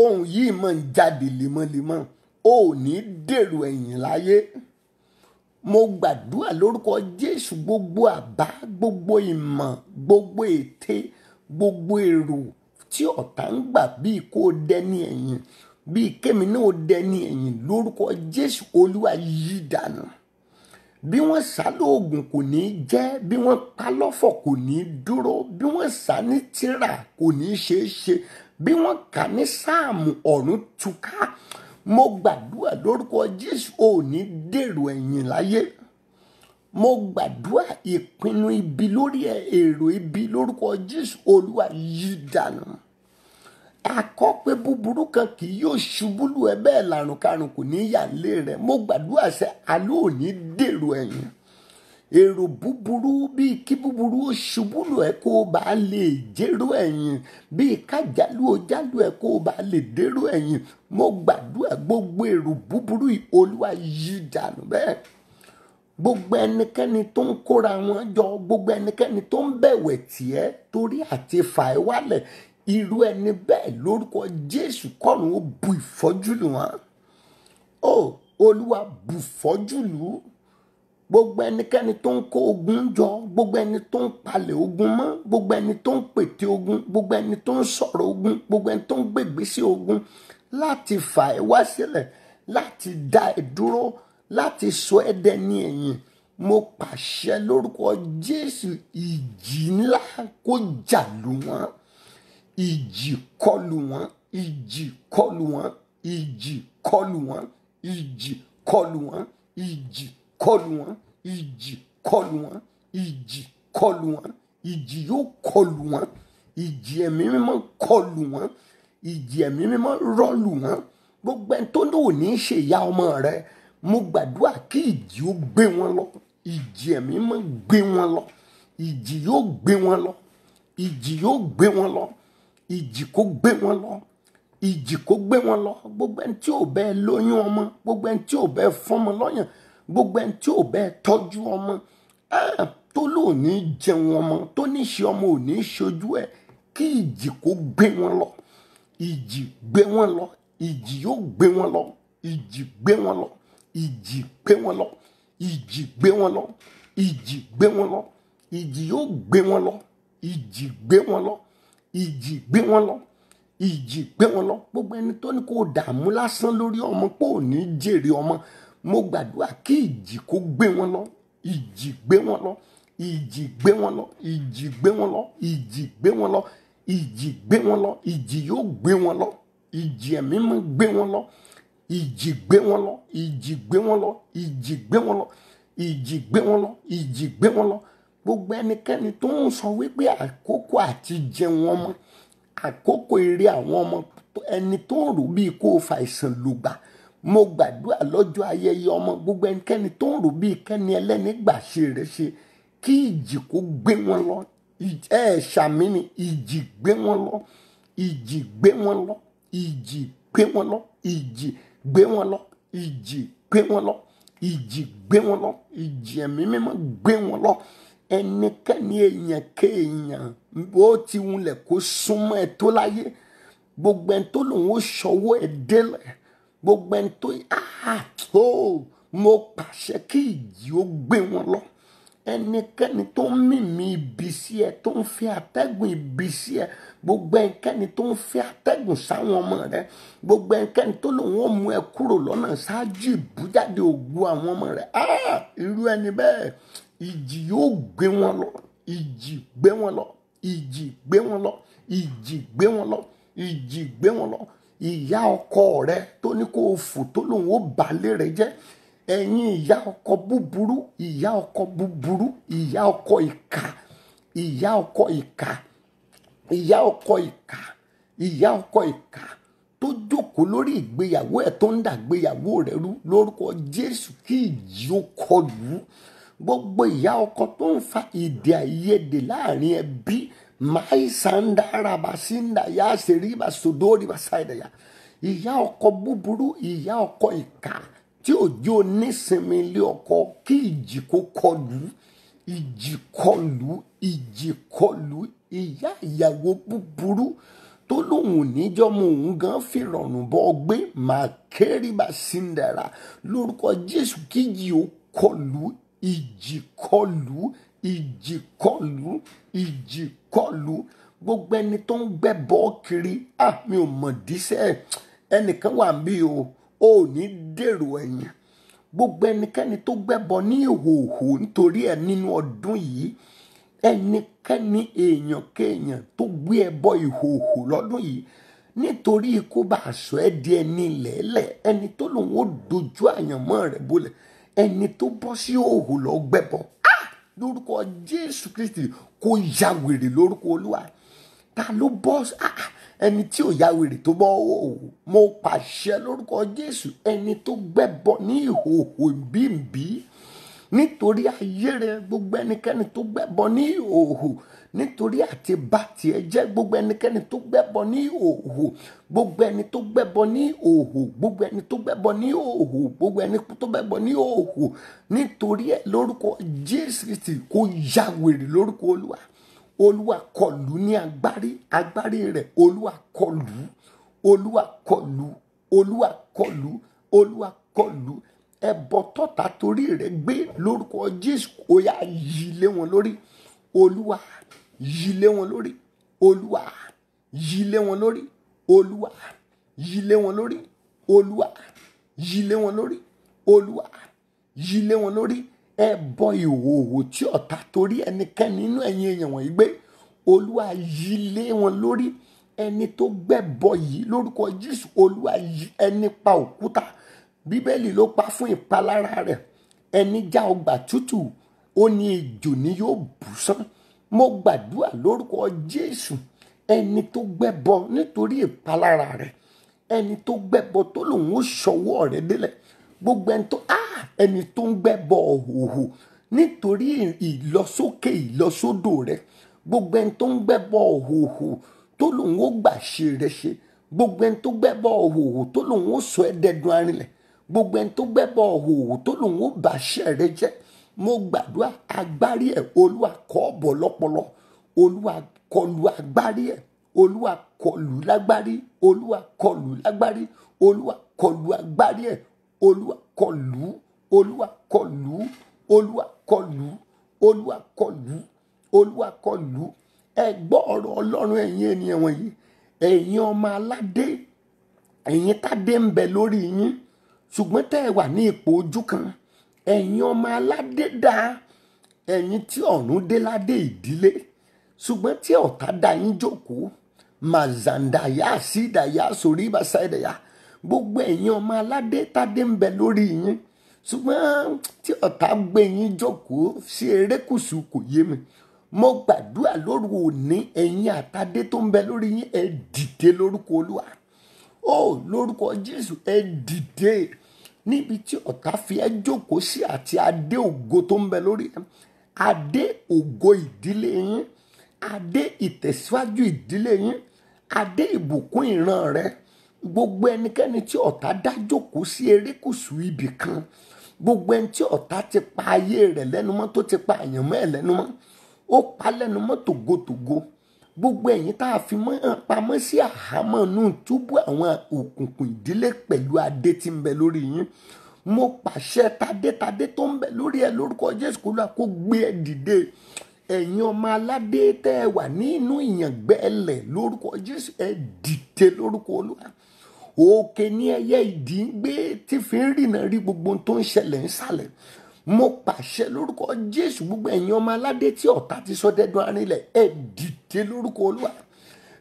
ohun yìí máa ń jáde lemọ́lemọ́ ò ní dèrò ẹ̀yìn láyé mo gbàdúrà lórúkọ jésù gbogbo àbá gbogbo ìmọ̀ gbogbo ète gbogbo èrò tí ọ̀tá ń gbà bíi kó dẹni ẹ̀yìn bíi kémi náà dẹni ẹ̀yìn lórúkọ jésù olúwa yí dànù bí wọ́n sá lóògùn kò ní jẹ́ bí wọ́n pa lọ́fọ̀ kò ní dúró bí wọ́n sá ní tírà kò ní ṣeé ṣe bí wọ́n kà ní sáàmù ọ̀run túká mo gbàdúrà lórúkọ jésù ò ní dèrò ẹ̀yìn láyé mo gbàdúrà ìpinnu ibi lórí èrò ibi lórúkọ jésù olúwa yí dànù akọ búburú kan kì yóò ṣubú lù ẹ́ bẹ́ẹ̀ làrùn karùn kò ní yà lé rẹ̀ mo gbàdúrà sẹ́ àlọ́ dèrò ẹ̀yìn èrò búburú bíi kí búburú ó ṣubú lù ẹ́ kó o bá lè jèrò ẹ̀yìn bíi kájálù ó jálù ẹ́ kó o bá lè dèrò ẹ̀yìn mo gbàdúrà gbogbo èrò búburú olúwa yí dànù bẹ́ẹ̀ gbogbo ẹnikẹ́ni tó ń kóra wọn jọ gbogbo ẹnikẹ́ni tó ń bẹ̀wẹ̀ tiẹ̀ torí àti fà ẹ́ wálẹ̀ irú ẹni bẹ́ẹ̀ lórúkọ jésù kọ́run ó bu ìfọ́jú lù wọ́n ó olúwa bu ìfọ́jú lù ú gbogbo ẹnikẹ́ni tó ń kó ogun jọ gbogbo ẹni tó ń palẹ̀ ogun mọ́ gbogbo ẹni tó ń pète ogun gbogbo ẹni tó ń sọ̀rọ̀ ogun gbogbo ẹni tó ń gbègbè sí ogun láti fà ẹ́ wá sílẹ̀ láti dá ẹ dúró láti sọ ẹ́ dẹni ẹ̀yìn mo pàṣẹ lórúkọ Jésù ìjì ńlá kó jà lù wọ́n ìjì kọlù wọ́n ìjì kọlù wọ́n ìjì kọlù wọ́n ìjì kọlù wọ́n ìjì kọlù wọ́n kọlù wọn ìjì kọlù wọn ìjì kọlù wọn ìjì yóò kọlù wọn ìjì ẹ̀mí mímọ́ kọlù wọn ìjì ẹ̀mí mímọ́ rọ́lù wọn gbogbo ẹni tó lò ní ṣe ìyá ọmọ rẹ mo gbàdúrà kí ìjì ó gbé wọn lọ ìjì ẹ̀mí mímọ́ gbé wọn lọ ìjì yóò gbé wọn lọ ìjì yóò gbé wọn lọ ìjì kó gbé wọn lọ ìjì kó gbé wọn lọ gbogbo ẹni tí ò bẹ́ẹ̀ lóyún ọmọ gbogbo ẹni tí ò bẹ́ẹ̀ fọ́mọ lọ́yàn gbogbo ẹni tí ò bẹ́ẹ̀ tọ́jú ọmọ tó lóò ní jẹun ọmọ tó ní ṣe ọmọ ò ní ṣojú ẹ̀ kí ìjì kó gbé wọn lọ ìjì gbé wọn lọ ìjì yóò gbé wọn lọ ìjì gbé wọn lọ ìjì gbé wọn lọ ìjì gbé wọn lọ ìjì gbé wọn lọ ìjì yóò gbé wọn lọ ìjì gbé wọn lọ ìjì gbé wọn lọ ìjì gbé wọn lọ gbogbo ẹni tó ní kó dààmú lásán lórí ọmọ pé ò ní jèrè ọmọ mo gbàdúrà kí ìjì kó gbé wọn lọ ìjì gbé wọn lọ ìjì gbé wọn lọ ìjì gbé wọn lọ ìjì gbé wọn lọ ìjì gbé wọn lọ ìjì yóò gbé wọn lọ ìjì ẹ̀mí mọ́ gbé wọn lọ ìjì gbé wọn lọ ìjì gbé wọn lọ ìjì gbé wọn lọ ìjì gbé wọn lọ ìjì gbé wọn lọ gbogbo ẹnikẹ́ni tó ń sọ wípé àkókò àti jẹun ọmọ àkókò eré àwọn ọmọ ẹni tó ń rò bíi kó o fa ìsàn lùgbà mo gbàdúrà lọ́jọ́ ayẹyẹ ọmọ gbogbo ẹnikẹ́ni tó ń rò bíi kẹ́ni ẹlẹ́ni gbà ṣe rẹ̀ ṣe kí ìjì kó gbé wọn lọ ẹ ṣàmì ni ìjì gbé wọn lọ ìjì gbé wọn lọ ìjì gbé wọn lọ ìjì gbé wọn lọ ìjì gbé wọn lọ ìjì gbé wọn lọ ìjì ẹ̀mí mímọ́ gbé wọn lọ ẹnikẹ́ni èèyàn kéèyàn ó ti wulẹ̀ kó súnmọ́ ẹ tó láyé gbogbo ẹni tó lòun ó ṣọwọ́ ẹ délẹ̀ gbogbo ẹni tó ah, ó mo pàṣẹ kí ìjì ó gbé wọn lọ ẹnikẹ́ni tó ń mímí ibi sí ẹ tó ń fi atẹ́gùn ibi sí ẹ gbogbo ẹnikẹ́ni tó ń fi atẹ́gùn sáwọn ọmọ rẹ gbogbo ẹnikẹ́ni tó lòun ó mú ẹ kúrò lọ́nà ṣáájú ìbújáde ògo àwọn ọmọ rẹ ah, irú ẹni bẹ́ẹ̀ ìjì yóò gbé wọn lọ ìjì gbé wọn lọ ìjì gbé wọn lọ ìjì gbé wọn lọ ìjì gbé wọn lọ ìyá ọkọ rẹ tó ní kó o fò tó lòun ó bà lérè jẹ́ ẹ̀yin ìyá ọkọ búburú ìyá ọkọ búburú ìyá ọkọ ìkà ìyá ọkọ ìkà ìyá ọkọ ìkà ìyá ọkọ ìkà tó jókòó lórí ìgbéyàwó ẹ̀ tó ń dàgbéyàwó rẹ̀ rú lórúkọ Jésù kí ìjì ó kọlù gbogbo ìyá ọkọ tó ń fa ìdè àìyedè láàrin ẹbí. Mai sandara basinda ya seriba sodori basaida ya ìyá ọkọ búburú ìyá ọkọ ìka tí òjò nísinmi ilé ọkọ kí ìjì kó kọlù ìjì kọlù ìjì kọlù ìyá ìyàwó búburú tó lóun níjọ́ mu òun gan fìrọ̀rùn bọ́ gbé màá kéré bá síndẹ̀ra lórúkọ jésù kíjì ó kọlù ìjì ìjì kọlù ìjì kọlù gbogbo ẹni tó ń gbẹ́bọ kiri ah mi ò mọ̀ díṣẹ́ ẹnìkan wà bí o ò ní dèrò ẹ̀yìn gbogbo ẹnikẹ́ni tó gbẹ́bọ ní ìhòòhò nítorí ẹ̀ nínú ọdún yìí ẹnikẹ́ni èèyàn kéèyàn tó gbé ẹbọ ìhòòhò lọ́dún yìí nítorí kó bá aṣọ ẹ di ẹni lẹ́lẹ̀ ẹni tó lòun ó dojú àyànmọ́ rẹ̀ bolẹ̀ ẹni tó bọ́ sí òhò lọ gbẹ́bọ. ah lórúkọ jésù kristi kó ya wèrè lórúkọ olúwa ta ló bọ́ ah, ah, ẹni tí ò ya wèrè tó bọ́ òwò oh, oh, mo pàṣẹ lórúkọ jésù ẹni tó gbẹ́bọ ní ìhòòhò bíbí nítorí ayé rẹ gbogbo ẹnikẹ́ni tó gbẹ́bọ ní ìhòòhò nítorí àti bá tiẹ̀ jẹ́ gbogbo ẹnikẹ́ni tó gbẹ́bọ ní òhò gbogbo ẹni tó gbẹ́bọ ní òhò gbogbo ẹni tó gbẹ́bọ ní òhò gbogbo ẹni tó gbẹ́bọ ní òhò nítorí ẹ lórúkọ Jésù Kristi kó ya wèrè lórúkọ Olúwa Olúwa kọlù ní agbárí agbárí rẹ̀ Olúwa kọlù Olúwa kọlù Olúwa kọlù Olúwa kọlù ẹbọ tọ̀tá torí rẹ̀ gbé lórúkọ Jésù kó yá yí lé wọn lórí Olúwa yí lé wọn lórí olúwa yí lé wọn lórí olúwa yí lé wọn lórí olúwa yí lé wọn lórí olúwa yí lé wọn lórí ẹ bọ ìhòòhò tí ọ̀tá torí ẹnikẹ́ni inú ẹ̀yin èèyàn wọ̀nyí gbé olúwa yí lé wọn lórí ẹni tó gbẹ̀bọ yìí lórúkọ jésù olúwa ẹni pa òkúta bíbélì ló pa fún ìpalára rẹ̀ ẹni já ọgbà tútù ó ní ejò ni yóò bù sán mo gbàdúrà lórúkọ Jésù ẹni tó gbẹ́bọ nítorí ìpalára rẹ ẹni tó gbẹ́bọ tó lòun ó ṣọwọ́ rẹ délẹ̀ gbogbo ẹni tó ah ẹni tó ń gbẹ́bọ òhòhò nítorí ìlọsókè ìlọsódò rẹ gbogbo ẹni tó ń gbẹ́bọ òhòhò tó lòun ó gbà ṣe rẹ ṣe gbogbo ẹni tó gbẹ́bọ òhòhò tó lòun ó sọ ẹ́ dẹ́dun gbogbo ẹni tó gbẹ́bọ òhòhò tó lòun ó bàṣẹ rẹ jẹ́ mo gbàdúrà agbárí ẹ̀ olúwa kọ́ bọ̀ lọ́pọlọ olúwa kọlù agbárí ẹ̀ olúwa kọlù lágbárí olúwa kọlù lágbárí olúwa kọlù agbárí ẹ̀ olúwa kọlù olúwa kọlù olúwa kọlù olúwa kọlù olúwa kọlù ẹ gbọ́ ọ̀rọ̀ ọlọ́run ẹ̀yin ènìyàn wọ̀nyí ẹ̀yin ọmọ aládé ẹ̀yin tádé ń bẹ lórí yín ṣùgbọ́n tẹ́ ẹ wà ní ipò ojú kan ẹ̀yin ọmọ aládé dáa ẹ̀yin tí ọ̀run dé ládé ìdílé ṣùgbọ́n tí ọ̀tá dá yín jókòó màzàndàyà sídàyà sórí ìbásáyìdàyà gbogbo ẹ̀yin ọmọ aládé tádé ń bẹ lórí yín ṣùgbọ́n tí ọ̀tá gbé yín jókòó sí erékùṣù kò yé mi mo gbàdúrà lóru òní ẹ̀yin àtàdé tó ń bẹ lórí yín ẹ dìde lórúkọ olúwa ó lórúkọ jésù ẹ dìde níbi tí ọ̀tá fi ẹ́ jókòó sí àti adé ògo tó ń bẹ lórí ẹ adé ògo ìdílé yín adé ìtẹ̀síwájú ìdílé yín adé ìbùkún ìran rẹ gbogbo ẹnikẹ́ni tí ọ̀tá dá jókòó sí erékùṣù ibì kan gbogbo ẹni tí ọ̀tá ti pa ayé rẹ̀ lẹ́nu mọ́ tó ti pa àyànmọ́ ẹ̀ lẹ́nu mọ́ ó pa lẹ́nu mọ́ tògótògó gbogbo ẹ̀yin tá a fi mọ́ pamọ́ sí àhámọ́ inú túbú àwọn òkùnkùn ìdílé pẹ̀lú adé tí ń bẹ lórí yín mo pàṣẹ tadétadé tó ń bẹ lórí ẹ lórúkọ Jésù kó lọ kó gbé ẹ dìde ẹ̀yin ọmọ aládé tẹ́ ẹ wà nínú ìyàngbẹ́lẹ̀ lórúkọ Jésù ẹ dìde lórúkọ Olúwa òkè ní ẹyẹ ìdí ń gbé tí fi ń rìnà rí gbogbo tó ń ṣẹlẹ̀ ń ṣàlẹ̀ mo pàṣẹ lórúkọ jésù gbogbo ẹ̀yin ọmọ aládé tí ọ̀tá ti sọ dẹ́dùn arinlẹ̀ ẹ dìde lórúkọ olúwa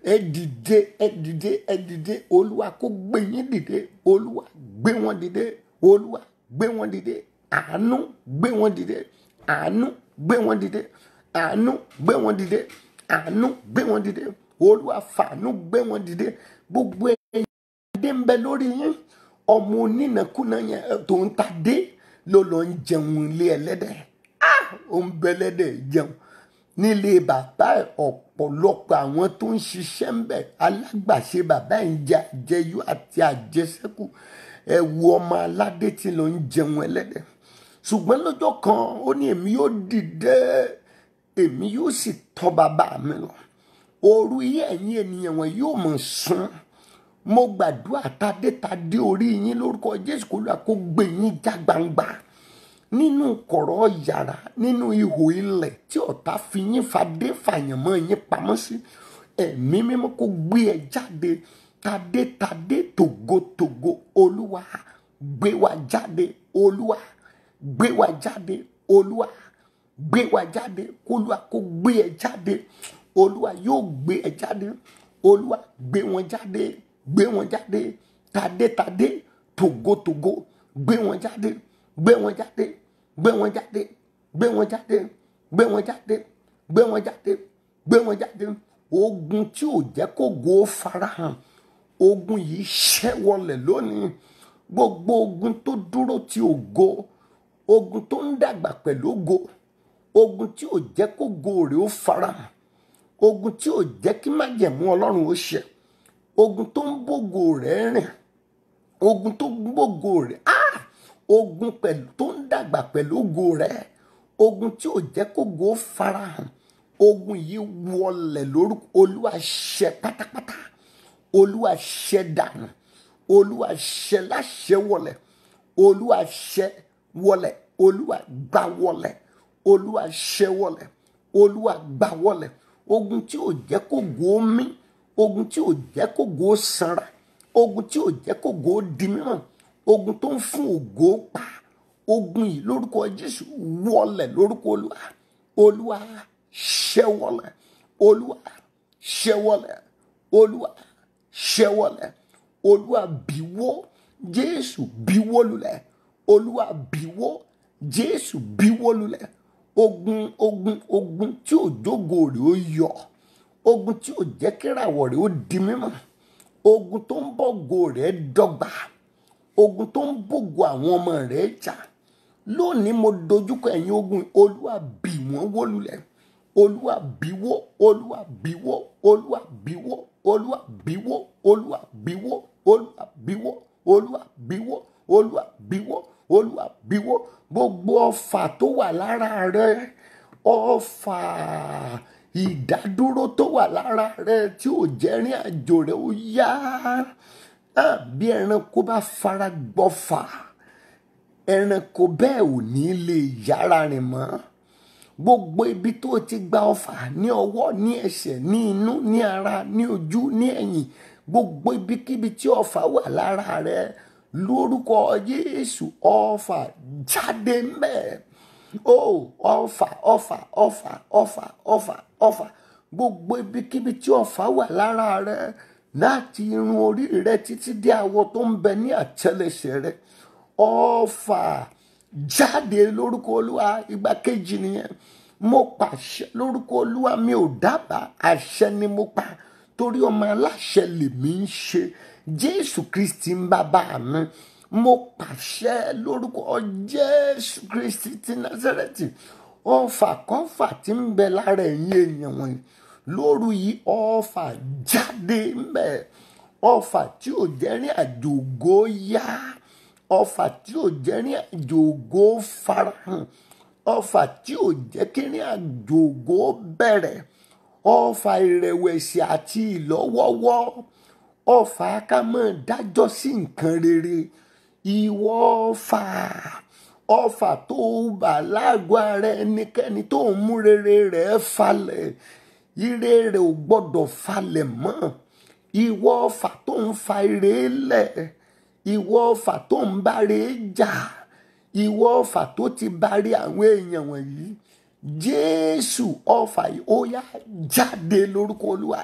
ẹ dìde ẹ dìde ẹ dìde olúwa kó gbé yín dìde olúwa gbé wọn dìde olúwa gbé wọn dìde àánú gbé wọn dìde àánú gbé wọn dìde àánú gbé wọn dìde àánú gbé wọn dìde olúwa fàánú gbé wọn dìde gbogbo ẹ̀yin adé ń bẹ lórí yín ọmọ onínàkúnà yẹn tó ń ta dé ló lọ ń jẹun ilé ẹlẹ́dẹ̀ ah, ó ń bẹ́lẹ́dẹ̀ jẹun nílé bàbá ẹ̀ ọ̀pọ̀lọpọ̀ àwọn tó ń ṣiṣẹ́ ń bẹ̀ alágbàṣe bàbá ẹ̀ ń jẹ àjẹyó àti àjẹsẹ́kù ẹ wo ọmọ aládé tí ló ń jẹun ẹlẹ́dẹ̀ ṣùgbọ́n lọ́jọ́ kan ó ní èmi yóò dìde èmi yóò sì tọ́ bàbá mi lọ òru yìí ènìyàn wọn yóò mọ̀ sùn mo gbàdúrà tadétadé orí yín lórúkọ jésù kó lóra kó gbé yín já gbangba nínú kọ̀rọ̀ yàrá nínú ihò ilẹ̀ tí ọ̀tá fi yín fadé fàyànmọ́ yín pamọ́ sí ẹ̀mí mímọ́ kó gbé ẹ jáde tadétadé tògótògó olúwa gbé wa jáde olúwa gbé wa jáde olúwa gbé wa jáde olúwa kó gbé ẹ jáde olúwa yóò gbé ẹ jáde olúwa gbé wọn jáde gbé wọn jáde tadétadé tògótògó gbé wọn jáde gbé wọn jáde gbé wọn jáde gbé wọn jáde gbé wọn jáde gbé wọn jáde gbé wọn jáde ogun tí ò jẹ́ kó go farahàn ogun yìí ṣẹ́ wọlẹ̀ lónìí gbogbo ogun tó dúró ti ògo ogun tó ń dàgbà pẹ̀lú ògo ogun tí ò jẹ́ kó go rè o farahàn ogun tí ò jẹ́ kí májẹ̀mú ọlọ́run ó ṣẹ ogun tó ń bògo rẹ̀ rìn ogun tó ń bògo rẹ̀ ah ogun pẹ̀lú tó ń dàgbà pẹ̀lú ògo rẹ̀ ogun tí ò jẹ́ kógo farahàn ogun yìí wọlẹ̀ lórúkọ olúwa ṣẹ́ pátápátá olúwa ṣẹ́ dànù olúwa ṣẹ́ láṣẹ wọlẹ̀ olúwa ṣẹ́ wọlẹ̀ olúwa gbà wọlẹ̀ olúwa ṣẹ́ wọlẹ̀ olúwa gbà wọlẹ̀ ogun tí ò jẹ́ kógo mí ogun tí ò jẹ́ kógo sanra ogun tí ò jẹ́ kógo di mímọ́ ogun tó ń fún ògo pa ogun yìí lórúkọ Jésù wọlẹ̀ lórúkọ Olúwa Olúwa ṣẹ́wọlẹ̀ Olúwa ṣẹ́wọlẹ̀ Olúwa ṣẹ́wọlẹ̀ Olúwa bíwó Jésù bíwó lulẹ̀ Olúwa bíwó Jésù bíwó lulẹ̀ ogun ogun ogun tí òjògo rẹ̀ ó yọ ogun tí ò jẹ́ kíràwọ̀ rẹ̀ ó di mímọ́ ogun tó ń bọ̀gò rẹ̀ dọ́gba ogun tó ń bògò àwọn ọmọ rẹ̀ jà lónìí mo dojúkọ ẹ̀yin ogun olúwa bì wọ́n wó lulẹ̀ olúwa bíwó olúwa bíwó olúwa bíwó olúwa bíwó olúwa bíwó olúwa bíwó olúwa bíwó olúwa bíwó olúwa bíwó gbogbo ọfà tó wà lára rẹ̀ ọfà. Oh, ìdádúró tó wà lára rẹ tí ò jẹ́ rìn àjò rẹ ó yá bí ẹranko bá fara gbọ́fà ẹranko bẹ́ẹ̀ ò ní lè yára rìn mọ́ gbogbo ibi tó ti gba ọfà ní ọwọ́ ní ẹsẹ̀ ní inú ní ara ní ojú ní ẹ̀yìn gbogbo ibikíbi tí ọfà wà lára rẹ lórúkọ Jésù ọfà jáde ńbẹ̀ o ọfà ọfà ọfà ọfà ọfà ọfà gbogbo ibikíbi tí ọfà wà lára rẹ láti irun orí rẹ títí dé awọ tó ń bẹ ní àtẹ́lẹsẹ̀ rẹ ọfà jáde lórúkọ olúwa ìgbà kejì nìyẹn mo pàṣẹ lórúkọ olúwa mi ò dábàá àṣẹ ni mo pa torí ọmọ aláṣẹ lèmi ń ṣe jésù kristi ń bàbá mi mo pàṣẹ lórúkọ jésù kristi ti nazareti ọfà kọ́fà tí ń bẹ lára ẹ̀yìn èèyàn wọ̀nyí lóru yìí ọfà jáde ń bẹ ọfà tí ò jẹ́rìn àjò ògo yá ọfà tí ò jẹ́rìn àjò ògo farahàn ọfà tí ò jẹ́ kírìn àjò ògo bẹ̀rẹ̀ ọfà ìrẹ̀wẹ̀sì àti ìlọ́wọ́wọ́ ọfà ká máa dájọ́ sí nǹkan rere ìwọ ọfà ọfà tó bà láàgọ́ ara ẹnikẹ́ni tó ń mú rere rẹ̀ falẹ̀ ire rẹ̀ ò gbọ́dọ̀ falẹ̀ mọ́ ìwọ ọfà tó ń fa ire lẹ̀ ìwọ ọfà tó ń bá re jà ìwọ ọfà tó ti bá rí àwọn èèyàn wọ̀nyí jésù ọfà yìí ó yá jáde lórúkọ olúwa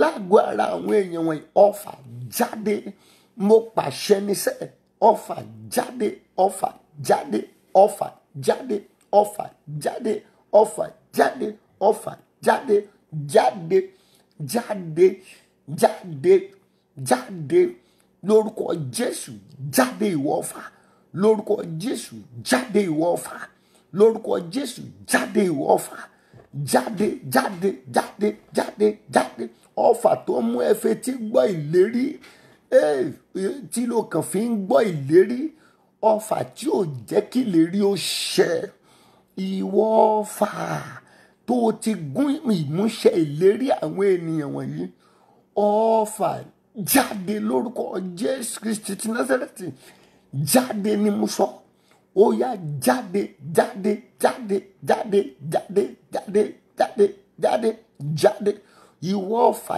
láàgọ́ ara àwọn èèyàn wọ̀nyí ọfà jáde mo pàṣẹ níṣẹ́ ọfà jáde ọfà jáde ọfà jáde ọfà jáde ọfà jáde ọfà jáde jáde jáde jáde jáde lórúkọ Jésù jáde ìwọ ọfà lórúkọ Jésù jáde ìwọ ọfà lórúkọ Jésù jáde ìwọ ọfà jáde jáde jáde jáde jáde ọfà tó mú ẹfẹ tí gbọ́ ìlérí tí ló kàn fi ń gbọ́ ìlérí ọfà tí ò jẹ́ kí lè rí ó ṣẹ ìwọ ọfà tó o ti gún ìmúṣẹ ìlérí àwọn ènìyàn wọ̀nyí ọfà jáde lórúkọ Jésù Kristi ti Násárẹ́tì jáde ni mo sọ ó yá jáde jáde jáde jáde jáde jáde jáde jáde jáde ìwọ ọfà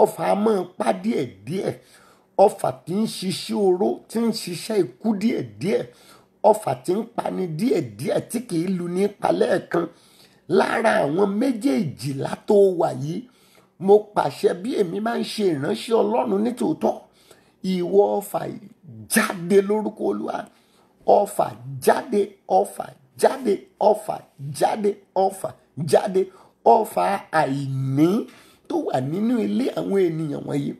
ọfà máa pa díẹ̀ díẹ̀ ọfà tí ń ṣiṣẹ́ oró tí ń ṣiṣẹ́ ikú díẹ̀díẹ̀ ọfà tí ń pani díẹ̀díẹ̀ tí kì í lu ní palẹ́ẹ̀kan lára àwọn méjèèjìlá tó wà yìí mo pàṣẹ bí èmi máa ń ṣe ìránṣẹ́ ọlọ́run nítòótọ́ ìwọ ọfà jáde lórúkọ olúwa ọfà jáde ọfà jáde ọfà jáde ọfà jáde ọfà àìní tó wà nínú ilé àwọn ènìyàn wọ̀nyí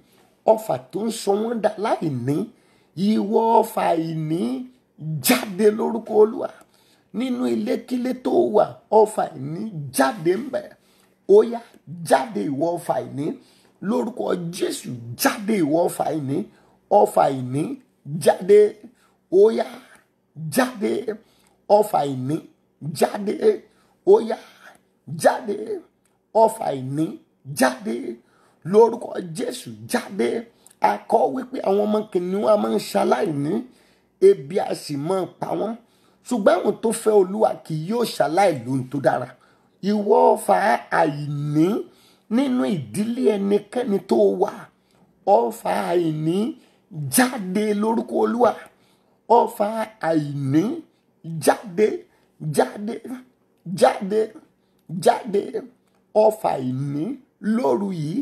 ọfà tó ń sọ wọ́n dà láìní ìwọ ọfà ìní jáde lórúkọ olúwa nínú ilékílé tó wà ọfà ìní jáde ń bẹ̀ ó yá jáde ìwọ ọfà ìní lórúkọ jésù jáde ìwọ ọfà ìní ọfà ìní jáde ó yá jáde ọfà ìní jáde ó jáde ọfà ìní jáde lórúkọ Jésù jáde akọ wípé àwọn ọmọ kìnìún a máa ń ṣaláìní ebi a sì máa pa wọ́n ṣùgbọ́n àwọn tó fẹ́ olúwa kì yóò ṣaláì lóhun tó dára ìwọ fa àìní nínú ìdílé ẹnikẹ́ni tó wà ọfà àìní jáde lórúkọ olúwa ọfà àìní jáde jáde jáde jáde ọfà àìní lóru yìí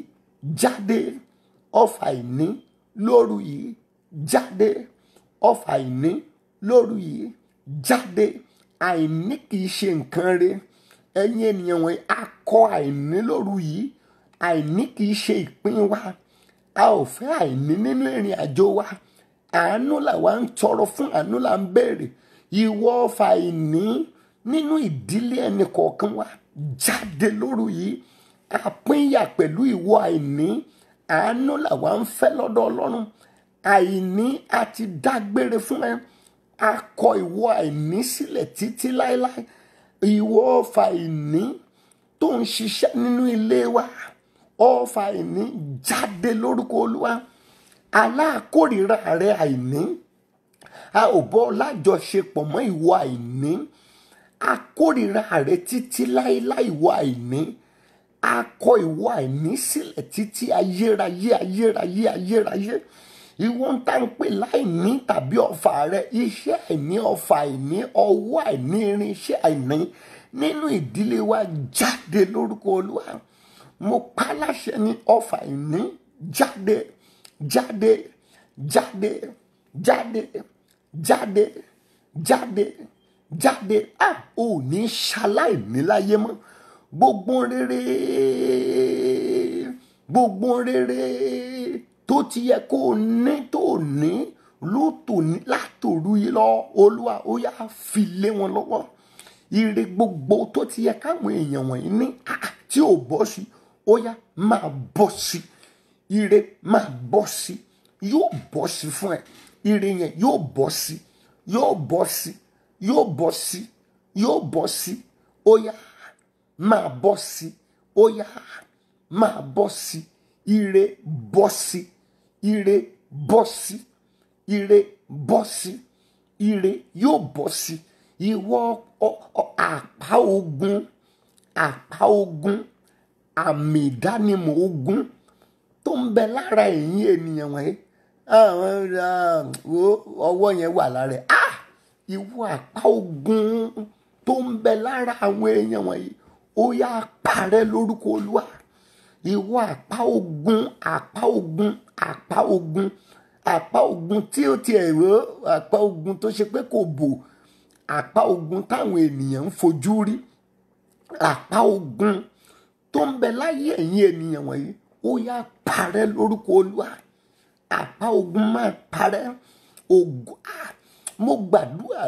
jáde ọfà ìní lóru yìí jáde ọfà ìní lóru yìí jáde àìní kìí ṣe nǹkan re ẹ̀yin ènìyàn wọ̀nyí a kọ̀ àìní lóru yìí àìní kìí ṣe ìpín wa a ò fẹ́ àìní nínú ìrìn àjò wa àánú làwa ń tọrọ fún àánú là ń béèrè ìwọ ọfà ìní nínú ìdílé ẹnì kọ̀ọ̀kan wa jáde lóru yìí àpínyà pẹ̀lú ìwọ àìní àánú làwa ń fẹ́ lọ́dọ̀ ọlọ́run àìní a ti dágbére fún ẹ a kọ ìwọ àìní sílẹ̀ títí láéláé ìwọ ọ̀fà àìní tó ń ṣiṣẹ́ nínú ilé wa ọ̀fà àìní jáde lórúkọ olúwa aláàkórìíra rẹ àìní a ò bọ́ lájọṣepọ̀ mọ́ ìwọ àìní akórìíra rẹ títí láéláé ìwọ àìní á kọ ìwọ àìní sílẹ̀ títí ayérayé ayérayé ayérayé ìwọ ń tá ń pè láìní tàbí ọfà rẹ iṣẹ́ àìní ọfà àìní ọwọ́ àìní irinṣẹ́ àìní nínú ìdílé wa jáde lórúkọ olúwa mo pa láṣẹ ní ọfà àìní jáde jáde jáde jáde jáde jáde jáde a ò ní ṣaláìní láyé mọ́ gbogbo rere gbogbo rere tó ti yẹ kó o ní tó o ní ló tò ní látòru yìí lọ olúwa ó yá fi lé wọn lọ́wọ́ ire gbogbo tó ti yẹ káwọn èèyàn wọ̀nyí ní tí ò bọ́ sí ó yá máa bọ́ sí ire máa bọ́ sí yóò bọ́ sí fún ẹ ire yẹn yóò bọ́ sí yóò bọ́ sí yóò bọ́ sí yóò bọ́ sí ó yá máa bọ́ sí ó yá máa bọ́ sí ire bọ́ sí ire bọ́ sí ire bọ́ sí ire yóò bọ́ sí ìwọ àpá ogun àpá ogun àmì ìdánimọ̀ ogun tó ń bẹ lára ẹ̀yìn ènìyàn wọ̀nyí ah, ọwọ́ yẹn wà lára ẹ̀ ah! ìwọ àpá ogun tó ń bẹ lára àwọn èèyàn wọ̀nyí ó yá parẹ́ lórúkọ olúwa ìwọ àpá ogun àpá ogun àpá ogun àpá ogun tí ó ti ẹ̀rọ àpá ogun tó ṣe pé kò bò àpá ogun táwọn ènìyàn ń fojú rí àpá ogun tó ń bẹ láyé ẹ̀yìn ènìyàn wọ̀nyí ó yá parẹ́ lórúkọ olúwa àpá ogun máa parẹ́ ogun ah, mo gbàdúrà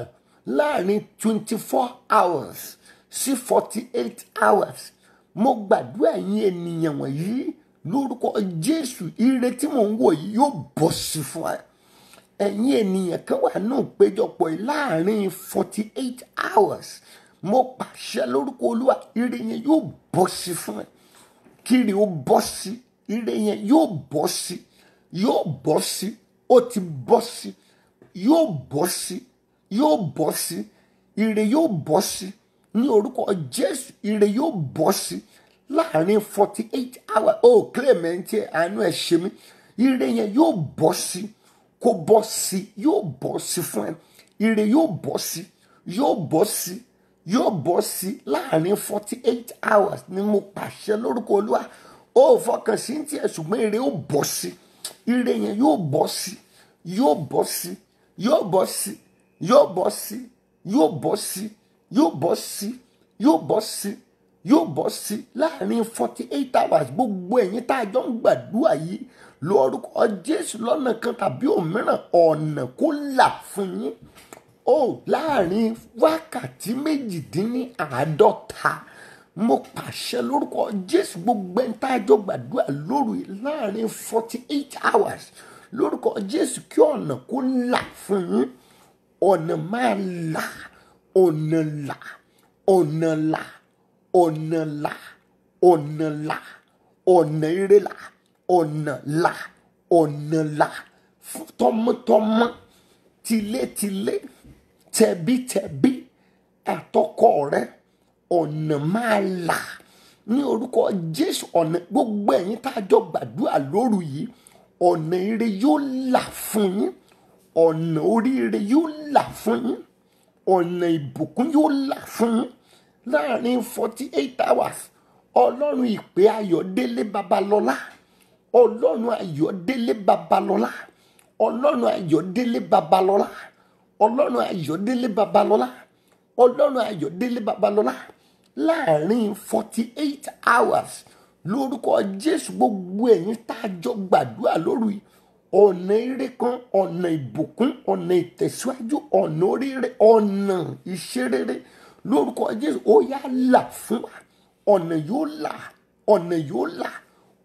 láàrin twenty four hours sí forty eight hours mo gbàdúrà yín ènìyàn wọ̀nyí lórúkọ jésù ire tí mò ń wò yìí yóò bọ̀ sí fún wa ẹ̀yin ènìyàn kan wà náà péjọpọ̀ láàrin forty eight hours mo pàṣẹ lórúkọ olúwa ire yẹn yóò bọ̀ sí fún ẹ kiri ó bọ́ sí ire yẹn yóò bọ́ sí yóò bọ́ sí ó ti bọ́ sí yóò bọ́ sí yóò bọ́ sí ire yóò bọ́ sí ní orúkọ jésù ire yóò bọ́ sí láàrin forty eight hours o oh, clement àánú ẹ̀ ṣe mí ire yẹn yóò bọ́ sí kó bọ́ sí yóò bọ́ sí fún ẹ ire yóò bọ́ sí yóò bọ́ sí yóò bọ́ sí láàrin forty eight hours ni mo pàṣẹ lórúkọ olúwa ó fọkàn sí ti ẹ̀ ṣùgbọ́n ire yóò bọ́ sí ire yẹn yóò bọ́ sí yóò bọ́ sí yóò bọ́ sí yóò bọ́ sí yóò bọ́ sí yóò bọ́ sí yóò bọ́ sí yóò bọ́ sí láàrin forty eight hours gbogbo ẹ̀yin tá a jọ ń gbàdúrà yìí lórúkọ jésù lọ́nà kan tàbí òmíràn ọ̀nà kó là fún yín ó láàrin wákàtí méjìdínláàádọ́ta mo pàṣẹ lórúkọ jésù gbogbo ẹ̀yin tá a jọ gbàdúrà lóru láàrin forty eight hours lórúkọ jésù kí ọ̀nà kó là fún yín ọ̀nà máa là ọ̀nà là ọ̀nà là ọ̀nà là ọ̀nà là ọ̀nà eré là ọ̀nà là ọ̀nà là tọmọtọmọ tilétilé tẹbítẹbí àtọkọ rẹ ọ̀nà máa là ní orúkọ Jésù ọ̀nà gbogbo ẹ̀yin tá a jọ gbàdúrà lóru yìí ọ̀nà eré yóò là fún yín ọ̀nà oríire yóò là fún yín ọ̀nà ìbùkún yóò là fún láàrin forty eight hours ọlọ́run ìpè ayọ̀délé babalọ́lá ọlọ́run ayọ̀délé babalọ́lá ọlọ́run ayọ̀délé babalọ́lá ọlọ́run ayọ̀délé babalọ́lá ọlọ́run ayọ̀délé babalọ́lá láàrin forty eight hours lórúkọ jésù gbogbo ẹ̀yin tá a jọ gbàdúrà lóru yìí ọ̀nà ire kan ọ̀nà ìbùkún ọ̀nà ìtẹ̀síwájú ọ̀nà oríire ọ̀nà ìṣerere lórúkọ Jésù ó yá là fún wa ọ̀nà yóò là ọ̀nà yóò là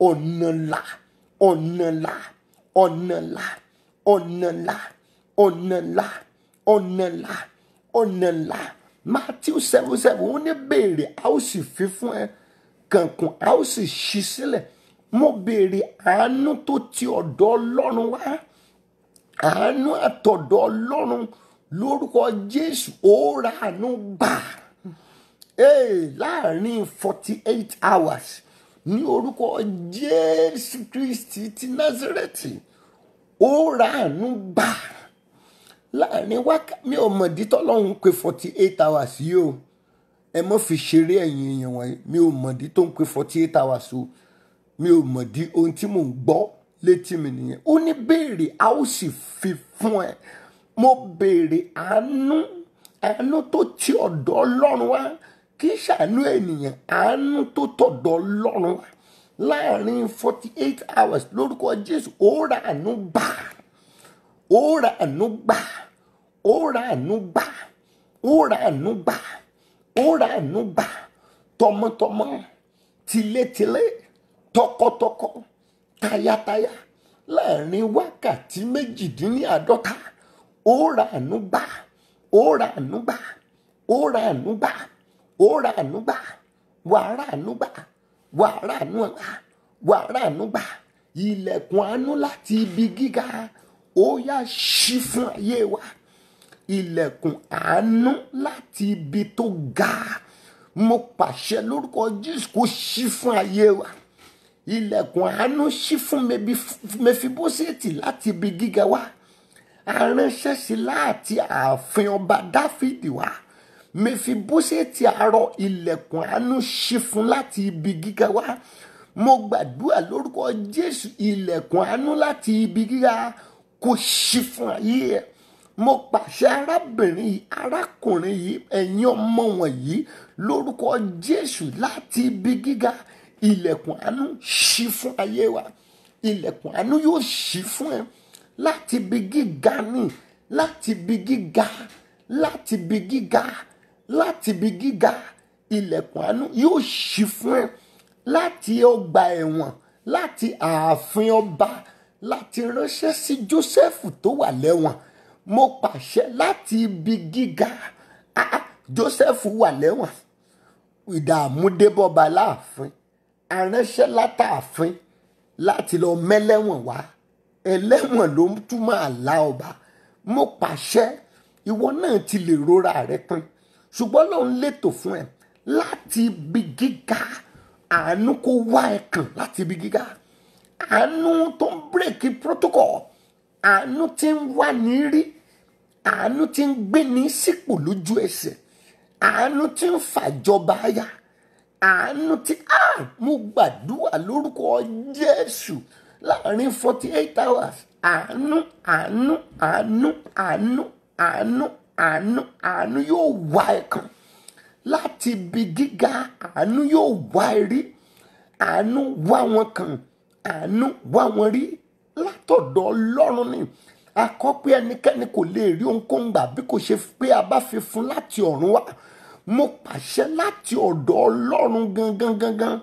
ọ̀nà là ọ̀nà là ọ̀nà là ọ̀nà là ọ̀nà là ọ̀nà là ọ̀nà là Matthew seven seven ó ní béèrè a ó sì fi fún ẹ kànkùn a ó sì ṣí sílẹ̀. Si mo béèrè àánú tó ti ọ̀dọ̀ ọlọ́run wá àánú àtọ̀dọ̀ ọlọ́run lórúkọ jésù ó ra àánú gbà láàrin forty eight hours ní orúkọ jésù kristi ti nazareti ó ra àánú gbà láàrin wákàtí mi ò mọ̀dí tọ́lọ́run pé forty eight hours yìí o ẹ mọ́ fi ṣeré ẹ̀yìn èèyàn wọ̀nyí mi ò mọ̀dí tó ń pé forty eight hours o. So mi ò mọ̀dí ohun tí mò ń gbọ́ létí mi nìyẹn ó ní béèrè a ó sì fi fún ẹ mo béèrè àánú àánú tó ti ọ̀dọ̀ ọlọ́run wá kì í ṣàánú ènìyàn àánú tó tọ̀dọ̀ ọlọ́run wá láàrin forty eight hours lórúkọ jésù ó ra àánú gbà ó ra àánú gbà ó ra àánú gbà ó ra àánú gbà ó ra àánú gbà tọmọtọmọ tilétilé tọkọtọkọ tayátayá láàrin wákàtí méjìdínláàdọ́ta ó ra àánú gbà ó ra àánú gbà ó ra àánú gbà ó ra àánú gbà wàá ra àánú gbà wàá ra àánú gbà wàá ra àánú gbà ilẹ̀kùn àánú láti ibi gíga ó yá ṣí fún ayé wa ilẹ̀kùn àánú láti ibi tó ga mo pàṣẹ lórúkọ Jésù kó ṣí fún ayé wa ilẹ̀kùn àánú ṣí fún mẹfibóṣẹ́ẹ̀tì láti ibi gíga wá aránṣẹ́ sí láti ààfin ọba dáfídì wá mẹfibóṣẹ́ẹ̀tì arọ ilẹ̀kùn àánú ṣí fún láti ibi gíga wá mo gbàdúrà lórúkọ jésù ilẹ̀kùn àánú láti ibi gíga kò ṣí fún ayé ẹ̀ mo pàṣẹ arábìnrin yìí arákùnrin yìí ẹ̀yin ọmọ wọ̀nyí lórúkọ jésù láti ibi gíga ilẹ̀kùn àánú ṣí fún ayé wa ilẹ̀kùn àánú yóò ṣí fún ẹ láti ibi gíga ní láti ibi gíga láti ibi gíga láti ibi gíga ilẹ̀kùn àánú yóò ṣí fún ẹ láti ọgbà ẹ̀wọ̀n láti ààfin ọba láti ránṣẹ́ sí Joseph tó wà lẹ́wọ̀n mo pàṣẹ láti ibi gíga ah, Joseph wà lẹ́wọ̀n ìdààmú débọ̀ bá láàfin aránṣẹ́ látààfin láti lọ mẹ́lẹ́wọ̀n wá ẹlẹ́wọ̀n ló tún máa la ọba mo pàṣẹ ìwọ náà ti lè rora rẹ pin ṣùgbọ́n lòun lètò fún ẹ láti ibi gíga àánú kó wá ẹ kàn láti ibi gíga àánú tó ń bírèkì protocol àánú tí ń wá ní rí àánú tí ń gbé ní sípò lójú ẹsẹ̀ àánú tí ń fàjọba yá àánú tí ah, mo gbàdúrà lórúkọ Jésù láàrin forty eight hours àánú àánú àánú àánú àánú àánú àánú yóò wá ẹ kàn láti ibi gíga àánú yóò wá ẹ rí àánú wá wọn kàn àánú wá wọn rí látọ̀dọ̀ Ọlọ́run ni a kọ pé ẹnikẹ́ni kò lè rí ohunkóhun gbà bí kò ṣe pé a bá fi fún láti ọ̀run wá mo pàṣẹ láti ọ̀dọ̀ ọlọ́run gangan gangan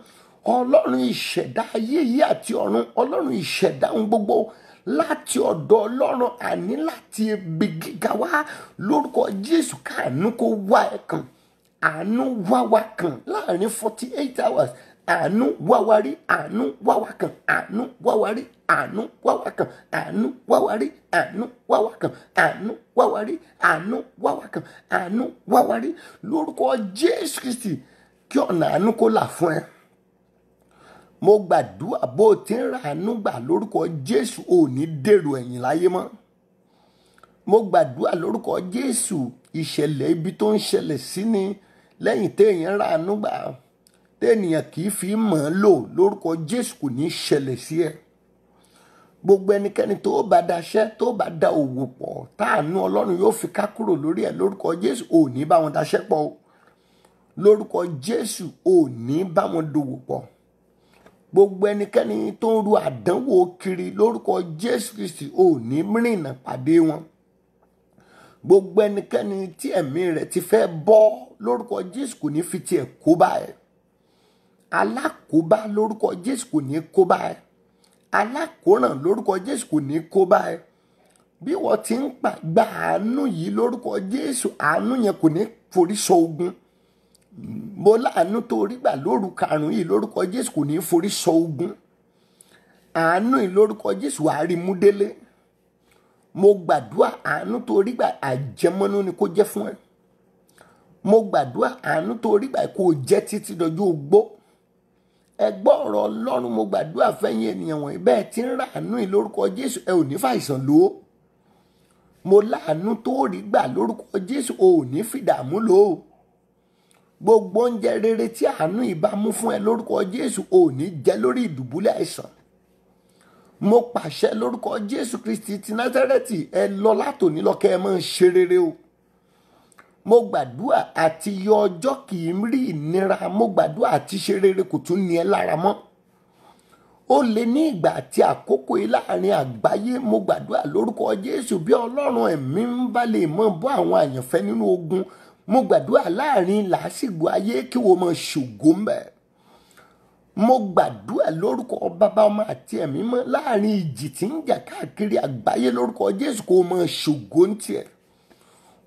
ọlọ́run ìṣẹ̀dá ayé yìí àti ọ̀run ọlọ́run ìṣẹ̀dá ohun gbogbo láti ọ̀dọ̀ ọlọ́run àní láti ibi gíga wá lórúkọ jésù káàánú kó wá ẹ kàn àánú wá wá kàn láàrin forty eight hours àánú wá wa rí àánú wá wa kàn àánú wá wa rí àánú wá wa kàn àánú wá wa rí àánú wá wa kàn àánú wá wa rí àánú wá àánú wá lórúkọ Jésù Kristi kí ọ̀nà àánú kó là fún ẹ mo gbàdúrà bó o ti ń ra àánú gbà lórúkọ Jésù ò ní dèrò ẹ̀yìn láyé mọ́ mo gbàdúrà lórúkọ Jésù ìṣẹ̀lẹ̀ ibi tó ń ṣẹlẹ̀ sí ni lẹ́yìn téèyàn ra àánú gbà tẹ́nìyàn kì í fi mọ̀ ọ́n lò lórúkọ jésù kò ní í ṣẹlẹ̀ sí ẹ gbogbo ẹnikẹ́ni tó bá daṣẹ́ tó bá da òwò pọ̀ táànú ọlọ́run yóò fi ká kúrò lórí ẹ̀ lórúkọ jésù ò ní bá wọn daṣẹ́ pọ̀ lórúkọ jésù ò ní bá wọn dòwò pọ̀ gbogbo ẹnikẹ́ni tó ń ru àdánwò kiri lórúkọ jésù kristi ò ní rìnnà pàdé wọn gbogbo ẹnikẹ́ni tí ẹ̀mí rẹ̀ ti fẹ́ bọ́ lórúkọ jésù kò ní fi tiẹ̀ kó báyìí alákòóbá lórúkọ jésù kò ní kóbá ẹ alákòóràn lórúkọ jésù kò ní kóbá ẹ bí wọ́n ti ń gba àánú yìí lórúkọ jésù àánú yẹn kò ní forí sọ ogun mo láàánú tó rí gbà lóru karùn-ún yìí lórúkọ jésù kò ní forí sọ ogun àánú yìí lórúkọ jésù wàá rí mú délé mo gbàdúrà àánú tó rí gbà àjẹmọ́nú ni kó jẹ́ fún ẹ mo gbàdúrà àánú tó rí gbà kó jẹ́ títí dọjú ogbó ẹ gbọ́ ọ̀rọ̀ ọlọ́run mo gbàdúrà fẹ́yìn ènìyàn wọ̀nyí bẹ́ẹ̀ tí ń ràánú yìí lórúkọ jésù ẹ ò ní fàìsàn lò ó mo láàánú tó rí gbà lórúkọ jésù o ò ní fìdààmú lò ó gbogbo oúnjẹ rere tí àánú yìí bá mú fún ẹ lórúkọ jésù o ò ní jẹ lórí ìdùbúlẹ̀ àìsàn mo pàṣẹ lórúkọ jésù kristi ti násárẹ́tì ẹ lọ látòní lọ ẹ máa ṣe rere o mo gbàdúrà àti yọ ọjọ́ kì í rí ìnira mo gbàdúrà àti ṣe rere kò tún ní ẹ lára mọ́ ó lè ní ìgbà àti àkókò yìí láàrin àgbáyé mo gbàdúrà lórúkọ Jésù bí Ọlọ́run ẹ̀mí ń bá lè mọ̀ bọ́ àwọn àyànfẹ́ nínú ogun mo gbàdúrà láàrin làásìgbò ayé kí wo mọ̀ ṣògo mbẹ́ mo gbàdúrà lórúkọ bàbá ọmọ àti ẹ̀mí mọ́ láàrin ìjì tí ń jà káàkiri àgbáyé lórúkọ Jésù kó mọ̀ ṣògo ń tiẹ̀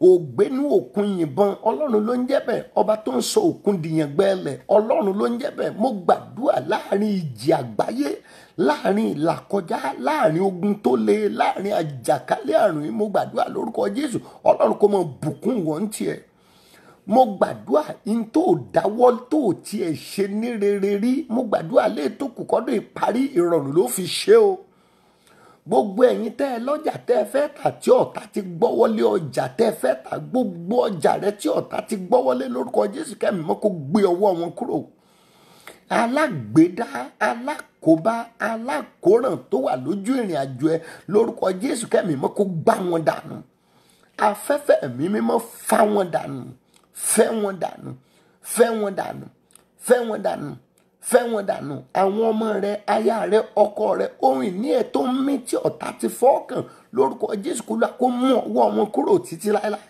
ògbénú òkun yìnbọn ọlọ́run ló ń jẹ́ bẹ́ẹ̀ ọba tó ń sọ òkun dìyàn gbẹ́lẹ̀ ọlọ́run ló ń jẹ́ bẹ́ẹ̀ mo gbàdúrà láàrin ìjì àgbáyé láàrin ìlàkọjá láàrin ogun tó le láàrin àjàkálẹ̀ àrùn yìí mo gbàdúrà lórúkọ jésù ọlọ́run kò mọ bùkún wọn tiẹ̀ mo gbàdúrà in tó dáwọ́ tó tiẹ̀ ṣe ní rere rí mo gbàdúrà lè tó ìparí ìrọ̀rùn ló fi ṣe o gbogbo ẹ̀yin tẹ́ ẹ lọ́jà tẹ́ ẹ fẹ́ tà tí ọ̀tá ti gbọ́wọ́lé ọjà tẹ́ ẹ fẹ́ tà gbogbo ọjà rẹ tí ọ̀tá ti gbọ́wọ́lé lórúkọ Jésù kẹ́mi mọ́ kó gbé ọwọ́ wọn kúrò alágbèédá alákòóbá alákòóràn tó wà lójú ìrìn àjò ẹ lórúkọ Jésù kẹ́mi mọ́ kó gbá wọn dànù afẹ́fẹ́ mi mímọ́ fá wọn dànù fẹ́ wọn dànù fẹ́ wọn dànù fẹ́ wọn dànù fẹ́ wọn dànù àwọn ọmọ rẹ aya rẹ ọkọ rẹ ohun ìní ẹ̀ tó ń mí tí ọ̀tá ti fọ́ọ̀kàn lórúkọ jésù kó lóa kó mú ọwọ́ wọn kúrò títí láéláé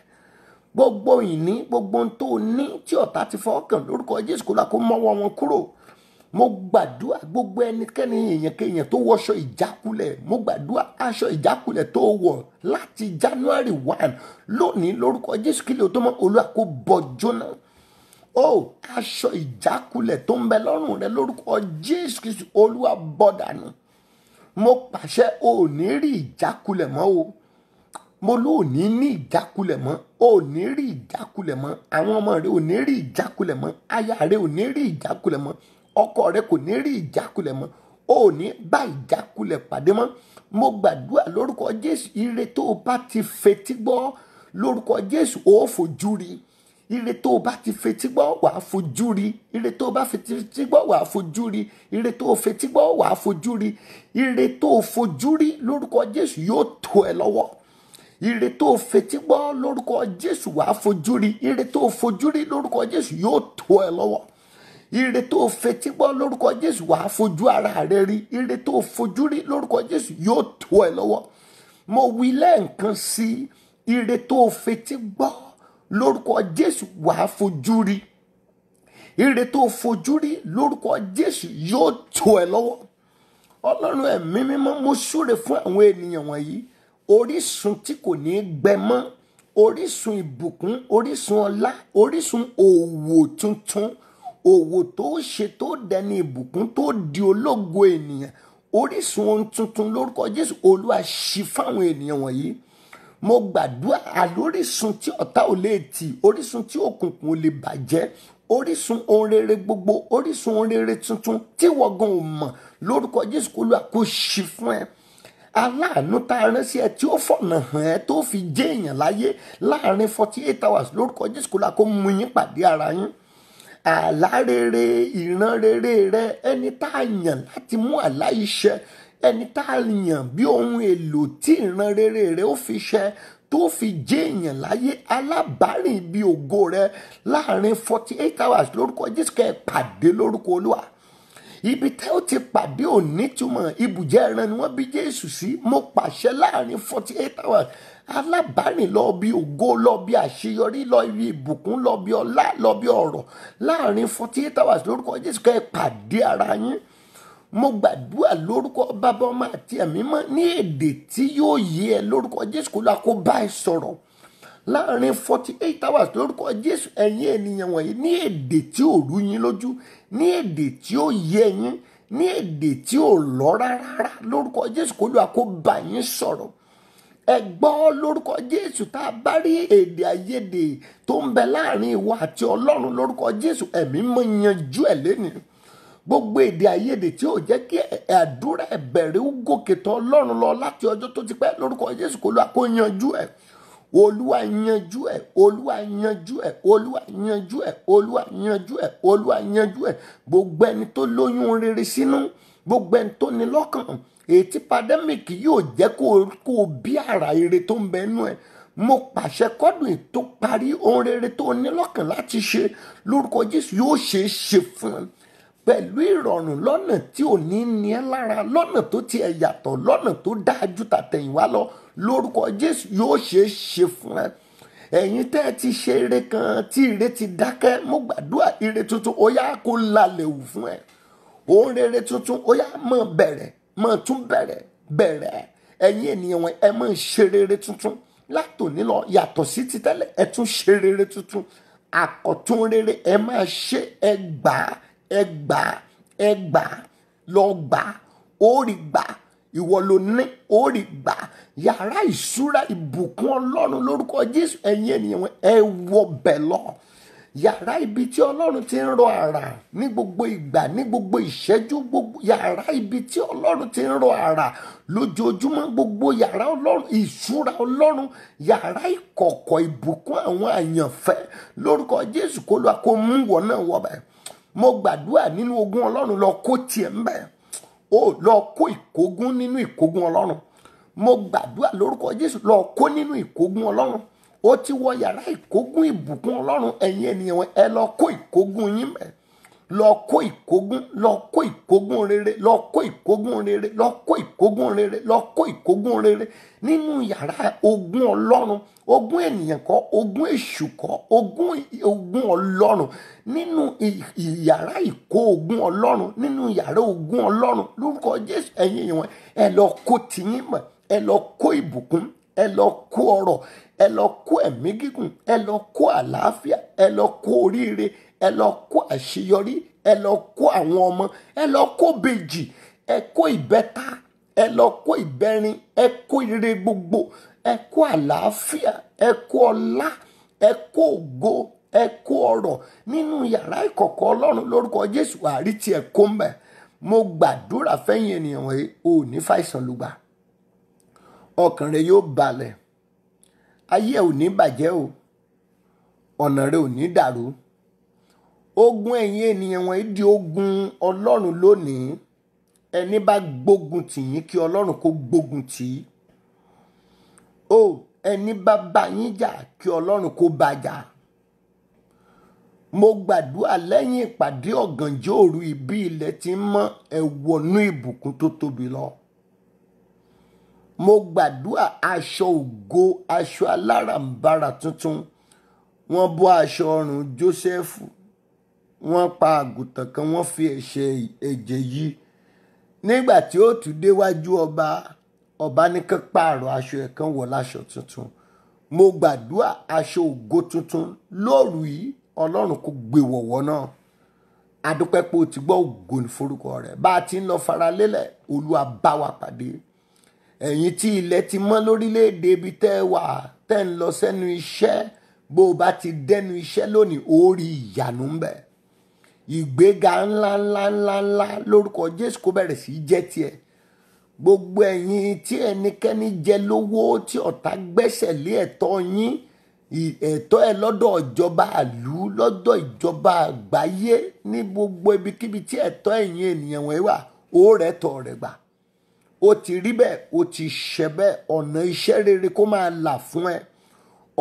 gbogbo ìní gbogbo ohun tó ní tí ọ̀tá ti fọ́ọ̀kàn lórúkọ jésù kó lóa kó mọ́wọ́ wọn kúrò mo gbàdúrà gbogbo ẹnikẹ́ni èèyànkéèyàn tó wọṣọ ìjákulẹ̀ mo gbàdúrà aṣọ ìjákulẹ̀ tó wọ̀ láti january one lónìí lórúkọ jésù kí lè tó mọ́ olúwa kó bọ́ jóná O aṣọ ìjákulẹ̀ tó ń bẹ lọ́rùn rẹ lórúkọ jésù kristu olúwa bọ́dànù mo pàṣẹ o ò ní rí ìjákulẹ̀ mọ́ o mo ló ò ní ní ìjákulẹ̀ mọ́ o ò ní rí ìjákulẹ̀ mọ́ àwọn ọmọ rẹ ò ní rí ìjákulẹ̀ mọ́ aya rẹ ò ní rí ìjákulẹ̀ mọ́ ọkọ rẹ kò ní rí ìjákulẹ̀ mọ́ o ò ní bá ìjákulẹ̀ pàdé mọ́ mo gbàdúrà lórúkọ jésù ire tó o bá ti fetí gbọ́ lórúkọ jésù ó fojú rí i ire tó o bá ti fetí gbọ́ wàá fojú rí ire tó o bá fetí gbọ́ wàá fojú rí ire tó o fetí gbọ́ wàá fojú rí ire tó o fojú rí lórúkọ Jésù yóò tó ẹ lọ́wọ́ ire tó o fetí gbọ́ lórúkọ Jésù wàá fojú rí ire tó o fojú rí lórúkọ Jésù yóò tó ẹ lọ́wọ́ ire tó o fetí gbọ́ lórúkọ Jésù wàá fojú ara rẹ rí ire tó o fojú rí lórúkọ Jésù yóò tó ẹ lọ́wọ́ mo wí lẹ́ẹ̀kan sí ire tó o fetí gbọ́ lórúkọ jésù wàá fojú rí ire tó fojú rí lórúkọ jésù yóò tó ẹ lọ́wọ́ ọlọ́run ẹ̀mí mímọ́ mo súre fún àwọn ènìyàn wọ̀nyí orísun tí kò ní í gbẹ mọ́ orísun ìbùkún orísun ọlá orísun òwò tuntun òwò tó ṣe tó dẹni ìbùkún tó di ológo ènìyàn orísun ohun tuntun lórúkọ jésù olúwa ṣí fáwọn ènìyàn wọ̀nyí mo gbàdúrà àlórísun tí ọ̀tá ò lè tì orísun tí òkùnkùn ò lè bàjẹ́ orísun ohun rere gbogbo orísun ohun rere tuntun tí wọ́gán ò mọ̀ lórúkọ Jésù kó lóa kó ṣí fún ẹ aláàánú tá a rán sí ẹ tí ó fọ̀nà hàn ẹ tó fi jẹ́ èèyàn láyé láàrin forty eight hours lórúkọ Jésù kó lóa kó mú yín pàdé ara yín àlá rere ìran rere rẹ ẹni tá a yàn láti mú àlá iṣẹ́ ẹni tá a yàn bí ohun èlò tí ìran rere rẹ ó fi ṣẹ tó fi jẹ́ láyé alábàárìn bí ògo rẹ láàrin forty eight hours lórúkọ Jésù kẹ́ ẹ pàdé lórúkọ Olúwa ibi tẹ́ ó ti pàdé onítùmọ̀ ibùjẹ́ ẹran ni wọ́n bí Jésù sí mo pàṣẹ láàrin forty eight hours alábàárìn lọ bí ògo lọ bí àṣeyọrí lọ bí ìbùkún lọ bí ọlá lọ bí ọrọ̀ láàrin forty eight hours lórúkọ Jésù kẹ́ ẹ pàdé ara yín mo gbàdúrà lórúkọ bàbá ọmọ àti ẹ̀mí mọ́ ní èdè tí yóò yé ẹ lórúkọ jésù kó lọ́ọ́ kó bá ẹ sọ̀rọ̀ láàrin forty eight hours lórúkọ jésù ẹ̀yin ènìyàn wọ̀nyí ní èdè tí ò rú yín lójú ní èdè tí ò yé yín ní èdè tí ò lọ rárá lórúkọ jésù kó lọ́ọ́ kó bá yín sọ̀rọ̀ ẹ gbọ́ lórúkọ jésù tá a bá rí èdè àìyedè tó ń bẹ láàrin ìwọ àti ọlọ́run lórúkọ jésù ẹ̀mí mọ̀ yanjú ẹ̀ lénìí gbogbo èdè àìyedè tí ò jẹ́ kí àdúrà ẹ̀bẹ̀rẹ̀ ó gòkè tán ọlọ́run lọ láti ọjọ́ tó ti pẹ́ lórúkọ jésù kó lóa kó yanjú ẹ̀ olúwa yanjú ẹ̀ olúwa yanjú ẹ̀ olúwa yanjú ẹ̀ olúwa yanjú ẹ̀ olúwa yanjú ẹ̀ gbogbo ẹni tó lóyún rere sínú gbogbo ẹni tó ní lọ́kàn ètí pandemic yóò jẹ́ kó o bí àrà ire tó ń bẹ nú ẹ̀ mo pàṣẹ kọ́dùn ètò parí ohun rere tó ní lọ́kàn láti ṣe lórúkọ jésù yóò ṣeé ṣe fún ẹ pẹ̀lú ìrọ̀rùn lọ́nà tí ò ní ní ẹ́ lára lọ́nà tó tiẹ̀ yàtọ̀ lọ́nà tó dáa ju tàtẹ̀yìnwá lọ lórúkọ Jésù yóò ṣeé ṣe fún ẹ ẹ̀yin tẹ́ ẹ ti ṣe ire kan tí ire ti dákẹ́ mo gbàdúrà ire tuntun ó yá kó lalẹ̀ wù fún ẹ òun rere tuntun ó yá mọ̀ bẹ̀rẹ̀ mọ̀ tún bẹ̀rẹ̀ bẹ̀rẹ̀ ẹ̀yin ènìyàn wọn ẹ mọ̀ ṣe rere tuntun látòní lọ yàtọ̀ sí ti tẹ́lẹ̀ ẹ tún ṣe rere tuntun àkọ̀tún rere ẹ máa ṣe ẹ gbàá ẹ gbà ẹ gbà lọ gbà ó rí gbà ìwọ ló ní ó rí gbà yàrá ìṣúra ìbùkún ọlọ́run lórúkọ jésù ẹ̀yin ènìyàn ẹ wọ bẹ̀ lọ yàrá ibi tí ọlọ́run ti ń rọ àrà ní gbogbo ìgbà ní gbogbo ìṣẹ́jú gbogbo yàrá ibi tí ọlọ́run ti ń rọ àrà lójoojúmọ́ gbogbo yàrá ọlọ́run ìṣúra ọlọ́run yàrá ìkọ̀kọ̀ ìbùkún àwọn àyànfẹ́ lórúkọ jésù kó lóa kó mú wọ náà wọ bẹ́ẹ̀ mo gbàdúrà nínú ogun ọlọ́run lọ kó tiẹ̀ ń bẹ̀ ó lọ kó ìkógun nínú ìkógun ọlọ́run mo gbàdúrà lórúkọ jésù lọ kó nínú ìkógun ọlọ́run ó ti wọ yàrá ìkógun ìbùkún ọlọ́run ẹ̀yin ènìyàn ẹ lọ kó ìkógun yín bẹ́ẹ̀ lọ kó ìkógún lọ kó ìkógún rere lọ kó ìkógún rere lọ kó ìkógún rere lọ kó ìkógún rere nínú yàrá ogún ọlọ́run ogún ènìyàn kọ́ ogún èṣù kọ́ ogún ogún ọlọ́run nínú yàrá ìkó ogún ọlọ́run nínú yàrá ogún ọlọ́run lórúkọ jésù ẹ̀yin ìwọ̀n ẹ lọ kó tìyín mọ̀ ẹ lọ kó ìbùkún ẹ lọ kó ọrọ̀ ẹ lọ kó ẹ̀mí gígùn ẹ lọ kó àlàáfíà ẹ lọ kó oríire ẹ lọ kó àṣeyọrí ẹ lọ kó àwọn ọmọ ẹ lọ kó bèjì ẹ kó ìbẹ́ta ẹ lọ kó ìbẹ́rin ẹ kó ire gbogbo ẹ kó àlàáfíà ẹ kó ọlá ẹ kó ògo ẹ kó ọrọ̀ nínú yàrá ìkọ̀kọ̀ Ọlọ́run lórúkọ Jésù àrí tiẹ̀ kó mbẹ mo gbàdúrà fẹ́yìn ènìyàn wọ̀nyí o ní fàìsàn lùgbà ọkàn rẹ yóò balẹ̀ ayé ò ní bàjẹ́ o ọ̀nà rẹ ò ní dàrú ogun ẹ̀yin ènìyàn wọ̀nyí di ogun ọlọ́run lónìí ẹni bá gbógun tì yín kí ọlọ́run kó gbógun tì í o ẹni bá bá yín jà kí ọlọ́run kó bá jà mo gbàdúrà lẹ́yìn ìpàdé ọ̀gànjọ́ òru ibi ilẹ̀ ti ń mọ́ ẹ ìbùkún tó tóbi lọ mo gbàdúrà aṣọ ògo aṣọ alárànbarà tuntun wọ́n bọ́ aṣọ ọrùn Jósẹ́fù wọ́n pa àgùntàn kan wọ́n fi ẹ̀ṣẹ̀ ẹ̀jẹ̀ yìí nígbà tí ó tún déwájú ọba ọba ní kán pààrọ̀ aṣọ ẹ̀ kan wọ̀ láṣọ tuntun mo gbàdúrà aṣọ ògo tuntun lóru yìí ọlọ́run kò gbé wọ̀wọ́ náà adúpẹ́ pé o ti gbọ́ ògo ní forúkọ rẹ̀ bá a ti ń lọ faralélẹ̀ olúwa bá wa pàdé ẹ̀yin tí ilẹ̀ ti mọ́ lórílẹ̀‐èdè ibi tẹ́ ẹ wà tẹ́ ń lọ sẹ́nu iṣẹ́ bó o bá ti dẹ́nu iṣẹ́ lónìí ó rí ìyanu ń bẹ ìgbéga ńlá ńlá ńlá ńlá lórúkọ jésù kó bẹ̀rẹ̀ sí jẹ́ tiẹ̀ gbogbo ẹ̀yin tí ẹnikẹ́ni jẹ lówó tí ọ̀tá gbẹ́sẹ̀ lé ẹ̀tọ́ yín ẹ̀tọ́ ẹ lọ́dọ̀ ìjọba àlú lọ́dọ̀ ìjọba àgbáyé ní gbogbo ibikíbi tí ẹ̀tọ́ ẹ̀yin ènìyàn wọ̀nyí wà ó rẹ̀ tọ̀ rẹ̀ gbà ó ti rí bẹ́ẹ̀ ó ti ṣẹ bẹ́ẹ̀ ọ̀nà iṣẹ́ rere kó máa là fún ẹ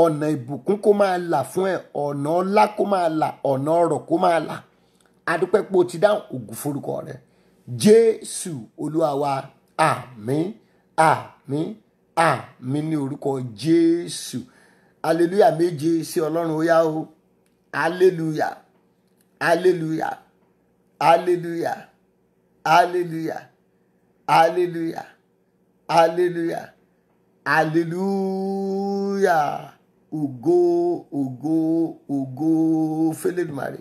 ọ̀nà ìbùkún kó máa là fún ẹ ọ̀nà ọlá kó máa là ọ̀nà ọrọ̀ kó máa là adúpẹ́ pé o ti dáhùn ògùn forúkọ rẹ jésù olúwa wa àmín àmín àmín ní orúkọ jésù aleluya méje sí ọlọ́run ó yá o aleluya aleluya aleluya aleluya aleluya aleluya aleluya ògo ògo ògo fẹlẹ́dùmarè.